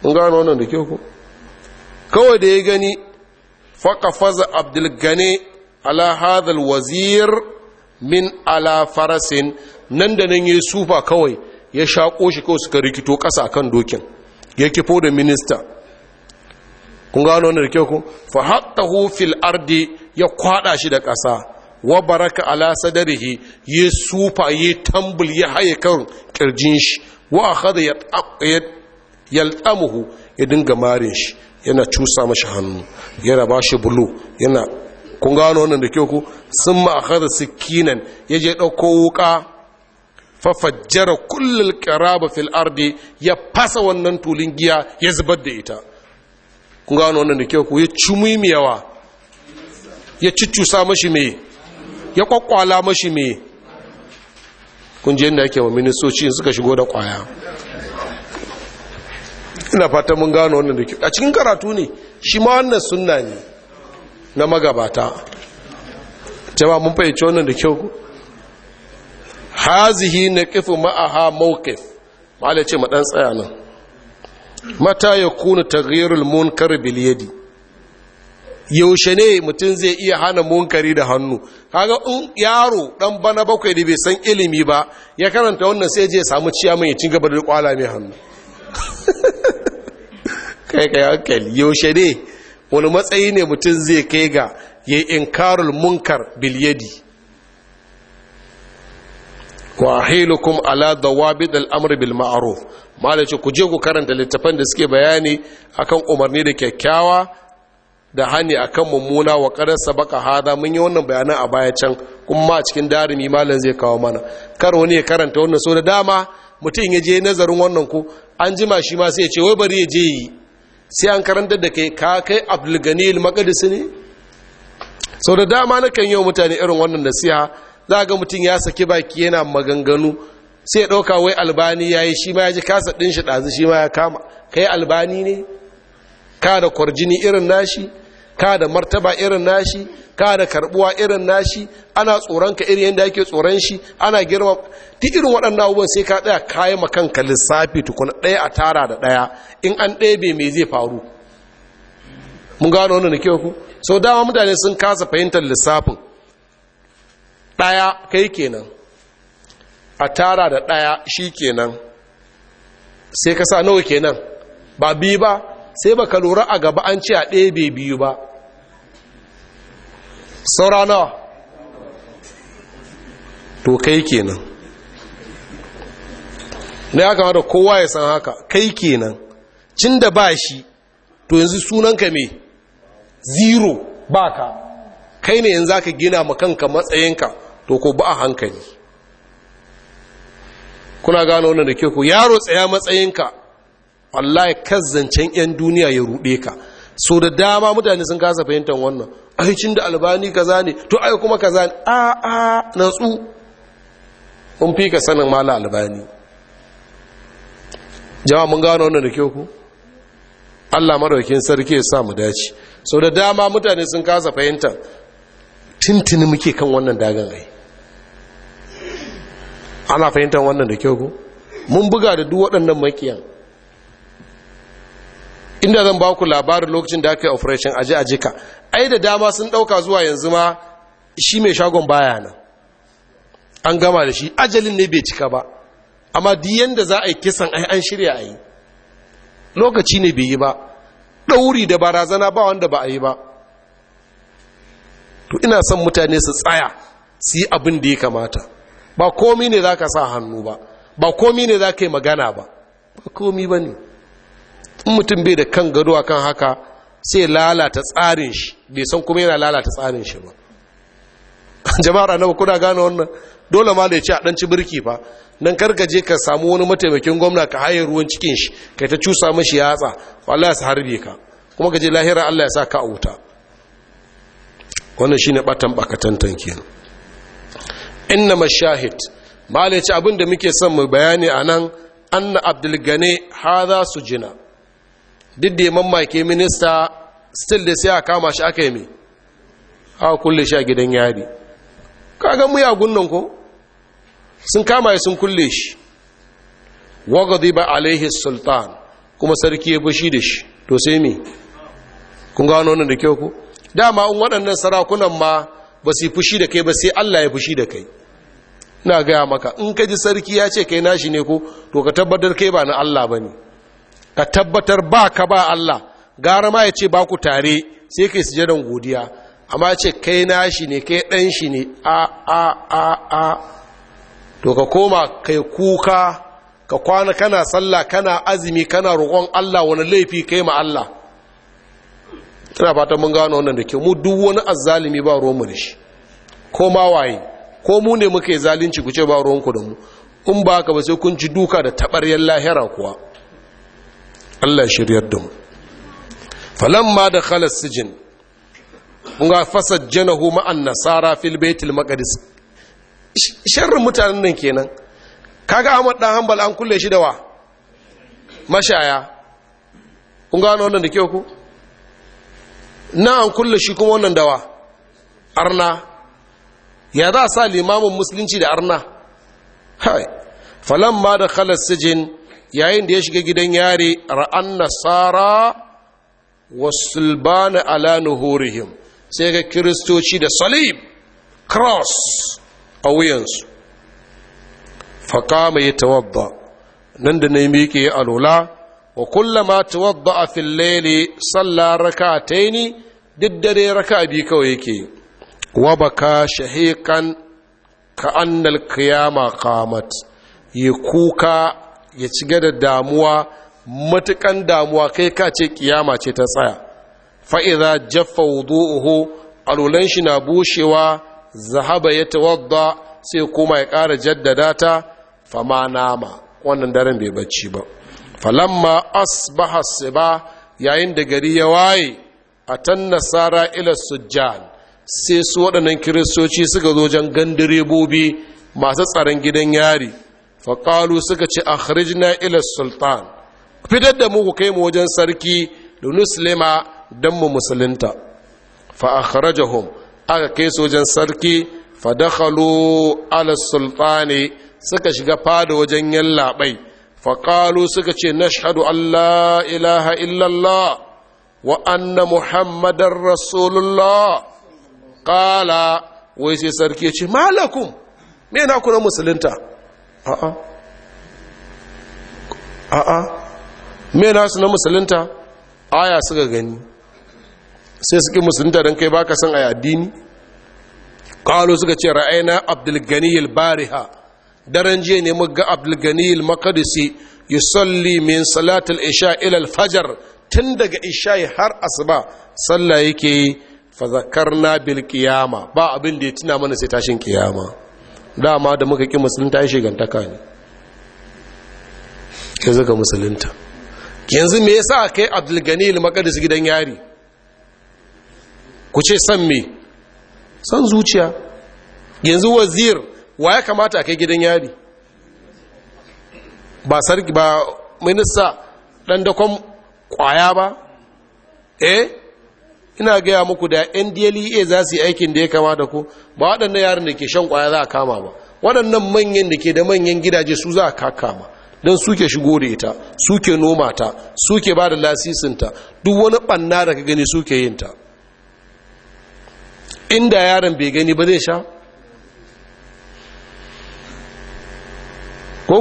mun gano wannan da kyau ko kawai da ya gani faƙafaza abdulgane ala hadal wazir min ala farasin nan da nan yi sufa kawai ya shaƙo shi kawai suka rikito ƙasa kan dokin ya kifo da minista kun gano wanda da ku fa haɗa fil ardi ya kwaɗa shi da ƙasa wa baraka ala sadarihi ya sufa ya tambul ya haye kan kirjin shi wa a yaltamuhu ya dinga marin shi yana cusa mashi hannu yana ba shi bulu yana kun gano wani da ku sun ma akhadha sikinan ya je ɗauko wuƙa. fafajjara kullul qaraba fil ardi ya fasa wannan tulin giya ya zubar da ita kun gano wannan da kyau ku ya muhimmiyawa. ya ciccusa mashi me ya kwakwala mashi me kun je inda ake wa ministoci suka shigo da kwaya ina fata mun gano wannan da kyau a cikin karatu ne shi ma wannan sunna ne na magabata jama'a mun fahimci wannan da kyau hazihi na kifu ma'aha mawqif ma'ala ce maɗan tsaya nan mata ya kuna taghyirul munkar biliyadi. yaushe ne mutum zai iya hana munkari da hannu kaga in yaro ɗan bana bakwai da bai san ilimi ba ya karanta wannan sai je samu ciya mai cin gaba da kwala mai hannu kai kai hankali yaushe ne wani matsayi ne mutum zai kai ga ya inkarul munkar biliyadi? wa hilukum ala dawabid al'amr bil ma'ruf ce ku je ku karanta littafan da suke bayani akan umarni da kyakkyawa da hani akan mummuna wa qadar sabaka hada mun yi wannan bayanan a baya can kuma cikin darimi malam zai kawo mana kar wani ya karanta wannan so da dama mutum ya je nazarin wannan ku an jima shi ma sai ya ce wai bari ya je yi sai an karanta da kai ka kai abdul gani al ne sau da dama nakan kan yi wa mutane irin wannan nasiha za ga mutum ya saki baki yana maganganu sai ɗauka wai albani ya yi shi ma ya ji kasa ɗin shi ɗazu shi ma ya kama kai albani ne ka da kwarjini irin nashi ka da martaba irin nashi ka da karbuwa irin nashi ana tsoron irin yadda ake tsoron shi ana girma Ti irin waɗannan abubuwan sai ka ɗaya kayan makanka lissafi tukuna ɗaya a tara da ɗaya in an ɗebe mai zai faru mun gano wani da kyau ku sau dama mutane sun kasa fahimtar lissafin ɗaya kai kenan a tara da ɗaya shi kenan sai ka sa nawa kenan ba biyu ba sai ba ka lura a gaba an ce a ɗaya bai biyu ba saura nawa to kai kenan na ya kamata kowa ya san haka kai kenan cin da ba shi to yanzu sunanka mai zero ba ka kai ne yanzu za ka gina makanka matsayinka to ko ba a hankali kuna gano wannan da ke ku yaro tsaya matsayinka wallahi kazzancen 'yan duniya ya rude ka so da dama mutane sun kasa fahimtar wannan aicin da albani kaza ne to ai kuma kaza ne a a natsu mun fi ka sanin mala albani jama'a mun gano wannan da ke ku Allah madaukin sarki ya sa mu dace so da dama mutane sun kasa fahimtar tintini muke kan wannan dagan ai ana fahimtar wannan da kyau mun buga da duk waɗannan makiyan inda zan ba ku labarin lokacin da aka yi operation aji a ka ai da dama sun ɗauka zuwa yanzu ma shi mai shagon baya nan an gama da shi ajalin ne bai cika ba amma diyan da za a yi kisan ai an shirya a yi lokaci ne bai yi ba ɗauri da barazana ba wanda ba a yi ba to ina son mutane su tsaya su yi abin da ya kamata ba komi ne za ka sa hannu ba ba komi ne za ka yi magana ba ba komi ba ne mutum bai da kan gado a kan haka sai lalata tsarin shi bai san kuma yana lalata tsarin shi ba jama'ar annabi kuna gane wannan dole ma da ya ci a ɗanci birki fa don karka je ka samu wani mataimakin gwamna ka haye ruwan cikin shi kai ta cusa mashi yatsa Allah ya harbe ka kuma ka je lahira Allah ya sa ka a wuta wannan shine batan bakatan kenan inna mashahid malai ce abin da muke son mu bayani a nan anna abdulgane haza su jina duk da mamaki minista still da sai a kama shi aka yi mai a kulle shi a gidan yari kaga mu yagun nan ko sun kama ya sun kulle shi wagadi ba alaihi sultan kuma sarki ya bushi da shi to sai me kun gano wannan da kyau ku dama un waɗannan sarakunan ma ba su fushi da kai ba sai Allah ya fushi da kai na gaya maka in ka ji sarki ya ce kai nashi ne ko to ka tabbatar kai ba na Allah ba ne ka tabbatar ba ka ba Allah gara ma ya ce ba ku tare sai kai sujadan godiya amma ce kai nashi ne kai ɗan shi ne a a a a to ka koma kai kuka ka kwana kana sallah kana azumi kana roƙon Allah wani laifi kai ma Allah tana fatan mun gano wannan da kyau mu duk wani azzalimi ba ruwanmu da shi ko ma waye ko mu ne muka yi zalunci ku ce ba ku da mu in ba ka ba sai kun ci duka da tabaryar lahira kuwa Allah shiryar da mu falamma da khalas sijin mun ga fasajjanahu ma'an nasara fil baitul maqdis sharrin mutanen nan kenan kaga Ahmad dan Hanbal an kulle shi da wa mashaya kun gano wannan da kyau ku na an kulle shi kuma wannan dawa arna ya za a sa limamin musulunci da arna hai falon ma da khalar sijin yayin da ya shiga gidan yare ra'an nasara wa sulbana ala nuhurihim sai ga kiristoci da salib cross a wuyansu faƙa mai tawabba. nan da na yi miƙe alola wa kullama tawadda'a fil layli salla rak'ataini duk dare raka biyu kawai yake Wabaka shahekan shahiqan ka annal qiyama kuka ya ciga da damuwa matuƙan damuwa kai ka ce ƙiyama ce ta tsaya fa idza jaffa wudu'uhu alulan na bushewa zahaba ya tawadda sai kuma ya ƙara jaddada ta fama nama wannan daren bai bacci ba falamma asbaha siba yayin da gari ya waye a tan nasara ila sujjan sai su waɗannan kiristoci suka zo jan gandirebobi masu tsaron gidan yari faƙalu suka ce akhrijna ila sultan fitar da mu ku kai mu wajen sarki da nuslima don mu musulunta fa akhrajahum aka kai su wajen sarki fa dakhalu ala sultani suka shiga fada wajen yallaɓai faƙalu suka ce nashhadu Allah ilaha illallah wa anna muhammadar rasulullah wai sai sarki ce malakum me na kuna musulunta a'a a'a me na su na musulunta aya suka gani sai suke musulunta don kai baka san a addini ƙalo suka ce ra'ayina abdulgani bariha daren jiya ne muga abdulgani al maqdisi yusalli min salatul isha ila al-fajr tun daga isha har asuba sallah yake yi fa zakarna bil qiyama ba abin da ya tuna mana sai tashin kiyama dama da muka ki musulunta ya shigantaka ne yanzu ga musulunta yanzu me yasa kai abdulgani al maqdisi gidan yari ku ce san me san zuciya yanzu wazir wa ya kamata a kai gidan yari ba sarki ba minista ɗan dakon ƙwaya ba eh ina gaya muku da dla e za su yi aikin da ya kamata ko? ku ba waɗannan yaran da ke shan kwaya za a kama ba waɗannan manyan da ke da manyan gidaje su za a kakama don suke shigo da ita suke noma ta suke ba da lasisinta duk wani ɓanna da ka gani suke yin ta inda yaron bai gani ba zai sha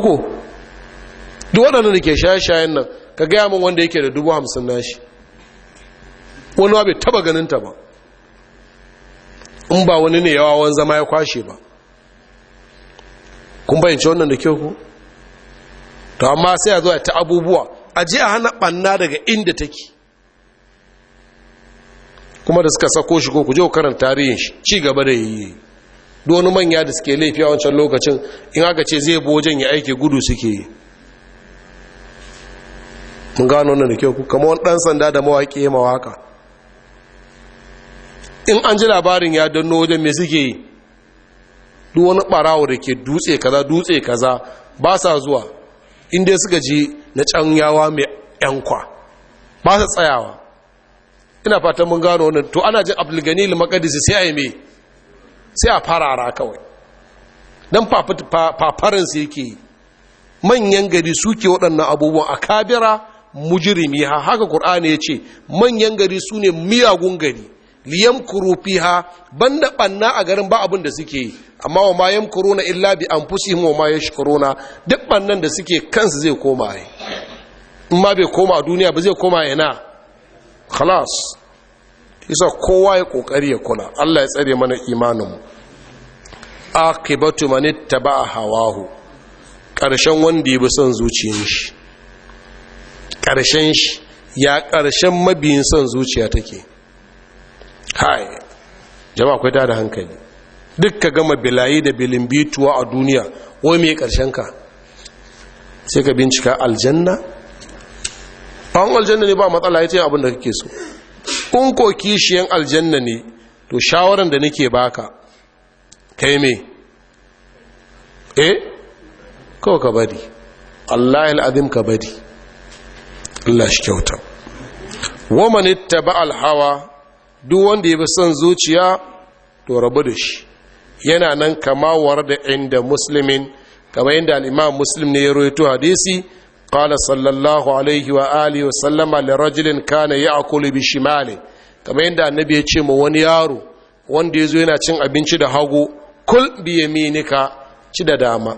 koko duk waɗanda da ke shaye-shayen nan ka gaya min wanda yake da dubu hamsin nashi wani bai taba ganinta ba in ba wani ne wani zama ya kwashe ba kun bayanci wannan da kyau ku to amma sai a zuwa a ta abubuwa a ji a hana ɓanna daga inda take kuma da suka sako shi ko ku je ku karanta tarihin shi ci gaba da yi wani manya da suke laifi a wancan lokacin in aka ce zai bojan ya aiki gudu suke yi mun gano wannan da kyau kama wani ɗan sanda da mawaƙi ya mawaƙa in an ji labarin ya danno wajen mai suke yi duk wani ɓarawo da ke dutse kaza dutse kaza ba sa zuwa inda suka ji na can yawa mai yankwa ba sa tsayawa ina fatan mun gano wani to ana jin abdulganil makadisi sai a yi mai sai a farara kawai don fafarinsa yake manyan gari suke waɗannan abubuwan a kabira mujirimi ha haka ƙur'ani ya ce manyan gari su ne miyagun gari liyam kurufi ha da ɓanna a garin ba abin da suke yi amma wa ma yan kuruna illa bi an fusi wa ma shi kurona. duk ɓannan da suke kansu zai koma yi in ma bai koma a duniya ba zai koma yana khalas isa kowa ya kokari ya kula Allah ya tsare mana imaninmu akibatu man ittaba'a hawahu karshen wanda ya bi son zuciyar shi karshen shi ya karshen mabiyin son zuciya take hai jama'a akwai tada hankali duk ka gama bilayi da bilimbituwa a duniya wai me karshen ka sai ka bincika aljanna an aljanna ne ba matsala ya ce abin da kake so kun ko kishiyan aljanna ne to shawaran da nake baka kai me eh ko ka bari Allah azim ka bari Allah shi kyauta woman ittaba alhawa duk wanda ya bi son zuciya to rabu da shi yana nan kamawar da inda muslimin kamar al imam muslim ne ya rawaito hadisi قال sallallahu alaihi wa alihi wa sallama كان rajulin بشماله كما bi النبي kamar yadda annabi ce ma wani yaro wanda ya zo yana cin abinci da hagu kul bi yaminika ci da dama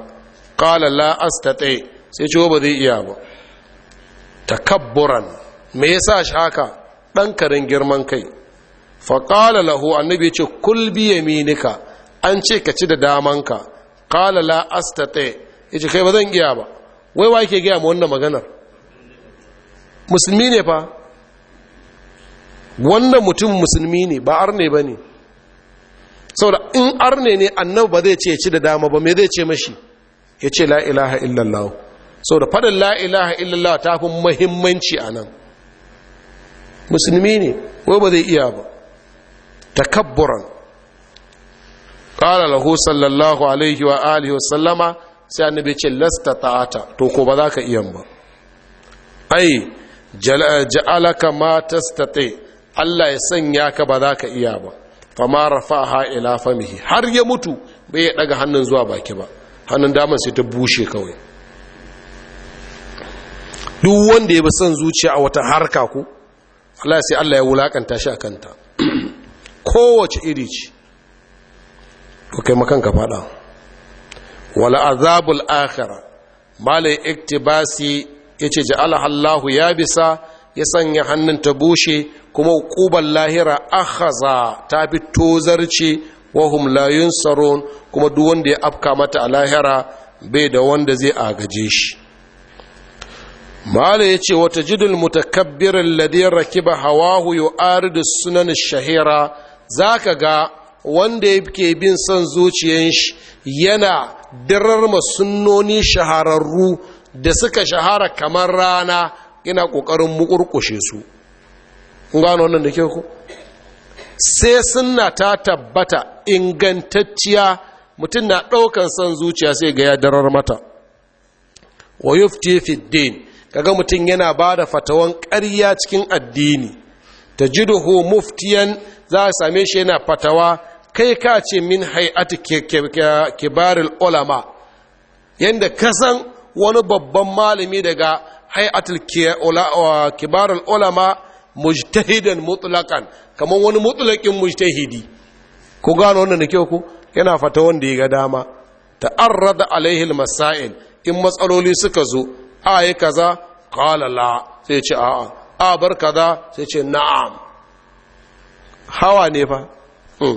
qala la astati sai ce ba zai iya ba takabburan me yasa shi haka dan karin girman kai fa qala lahu annabi ce kul bi yaminika an ce ka ci da damanka qala la astati yace kai ba zan iya ba wai wa yake gaya mu wannan maganar musulmi ne fa wannan mutum musulmi ne ba arne ba ne saboda in arne ne annabu ba zai ce ya ci da dama ba me zai ce mashi ya ce la ilaha illallah saboda faɗin la ilaha illallah ta fi muhimmanci a nan musulmi ne wai ba zai iya ba takabburan qala lahu sallallahu alaihi wa alihi wa sai annabi ce lasta ta'ata to ko ba za ka iya ba ai ja'alaka ma tastati Allah ya sanya ka ba za ka iya ba fa ma rafa'aha ila famihi har ya mutu bai ya daga hannun zuwa baki ba hannun daman sai ta bushe kawai duk wanda ya bi son zuciya a wata harka ko Allah sai Allah ya wulakanta shi a kanta kowace iri ce ko kai makanka fada wala azabul akhira malai iktibasi yace ja'ala Allahu ya bisa ya sanya hannun ta bushe kuma ƙuban lahira akhaza ta fi tozarci wahum la yunsarun kuma duk wanda ya afka mata a lahira bai da wanda zai agaje shi malai yace ce wata jidul mutakabbirin ladin rakiba hawahu yu'aridu sunan shahira zaka ga wanda yake bin son zuciyan shi yana dirar masunoni shahararru da suka shahara kamar rana ina ƙoƙarin muƙurƙushe su gano wannan da ke ku sai suna ta tabbata ingantacciya mutum na ɗaukan son zuciya sai ga ya darar mata wa yufti fi din kaga mutum yana ba da fatawan ƙarya cikin addini ta jiduhu muftiyan za a same shi yana fatawa kai ka ce min hay'ati kibaril ulama yanda kasan wani babban malami daga hay'atul kibarul ulama mujtahidan mutlaqan kamar wani mutlaqin mujtahidi ku gano wannan da kyau ku yana fata wanda ya ga dama ta'arrada alaihi masail in matsaloli suka zo a yi kaza qala la sai ce a'a a bar kaza sai ce na'am hawa ne fa Hmm.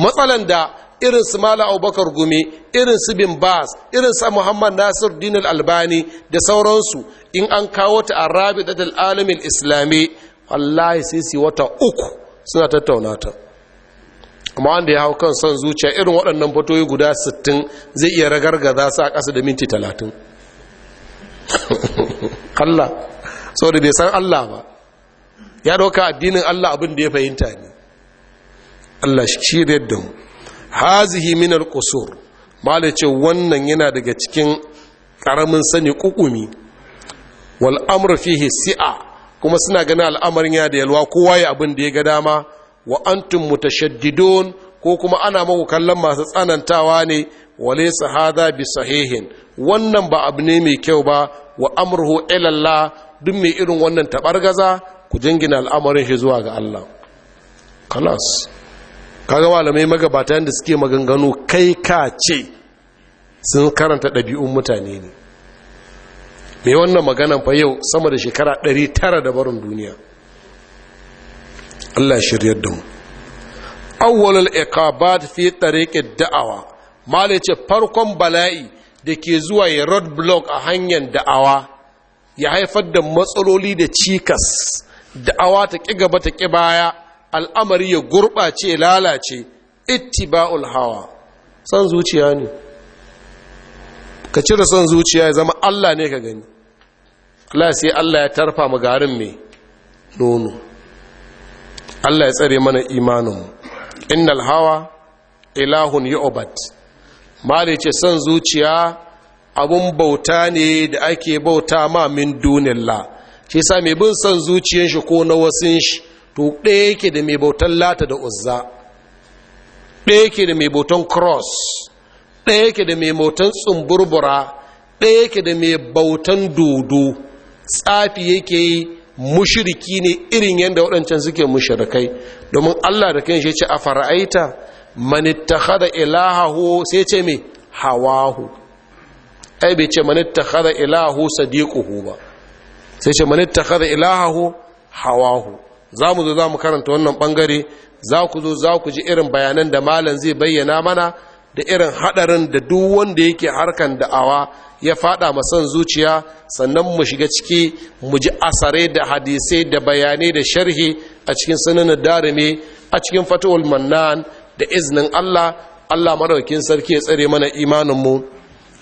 matsalan da irin su mala abubakar gumi irin su bin bas irin su muhammad nasir dinar albani da sauransu in an kawo ta a rabi da alamin islami wallahi sai su wata uku suna tattauna ta kuma wanda ya hau kan son zuciya irin waɗannan fatoyi guda 60 zai iya ragargaza su a ƙasa da minti 30 Allah saboda bai san Allah ba ya ɗauka addinin Allah abin da ya fahimta ne Allah shi da mu hazihi min kusur qusur malai ce wannan yana daga cikin karamin sani kukumi wal amru fihi si'a kuma suna ganin al'amarin ya da yalwa kowa ya abin da ya ga dama wa antum mutashaddidun ko kuma ana maku kallon masu tsanantawa ne wale hadha bi sahihin wannan ba abu ne mai kyau ba wa ila Allah duk mai irin wannan taɓargaza ku jingina al'amarin shi zuwa ga Allah kalas kaga malamai magabata yadda suke maganganu kai ka ce sun karanta ɗabi'un mutane ne mai wannan maganan fa yau sama da shekara 900 da barin duniya Allah shiryar da mu awwalul ikabat fi tariqid da'awa mala ce farkon bala'i da ke zuwa ya road block a hanyar da'awa ya haifar da matsaloli da cikas da'awa ta ƙi gaba ta ƙi baya al'amari ya gurɓace lalace ittiba'ul hawa San zuciya ne ka cire son zuciya ya zama Allah ne ka gani Allah sai Allah ya tarfa mu garin mai nono Allah ya tsare mana imaninmu innal hawa ilahun yu'bad mali ce son zuciya abun bauta ne da ake bauta ma min dunillah shi sa mai bin son zuciyar shi ko na wasin shi to ɗaya yake da mai bautan lata da uzza ɗaya yake da mai bautan cross ɗaya yake da mai bautan tsumburbura ɗaya yake da mai bautan dodo tsafi yake yi mushiriki ne irin yadda waɗancan suke mushirikai domin allah da kan shi ce a fara'aita manittaka da ilahahu sai ce mai hawahu ai bai ce manittaka da ilahahu sadiquhu ba sai ce manittaka da ilahahu hawahu za mu zo za mu karanta wannan bangare. za ku zo za ku ji irin bayanan da malam zai bayyana mana da irin haɗarin da duk wanda yake harkan da'awa ya faɗa masan zuciya sannan mu shiga ciki mu ji asare da hadisai da bayanai da sharhi a cikin sanin darimi a cikin fatuhul mannan da iznin Allah Allah maɗaukin sarki ya tsare mana imaninmu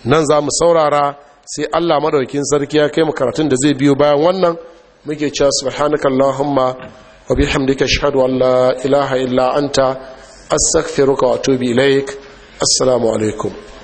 nan za mu saurara sai Allah maɗaukin sarki ya kai mu karatun da zai biyo bayan wannan muke cewa subhanaka allahumma wa bihamdika ashhadu an la ilaha illa anta astaghfiruka wa atubu ilaik assalamu alaikum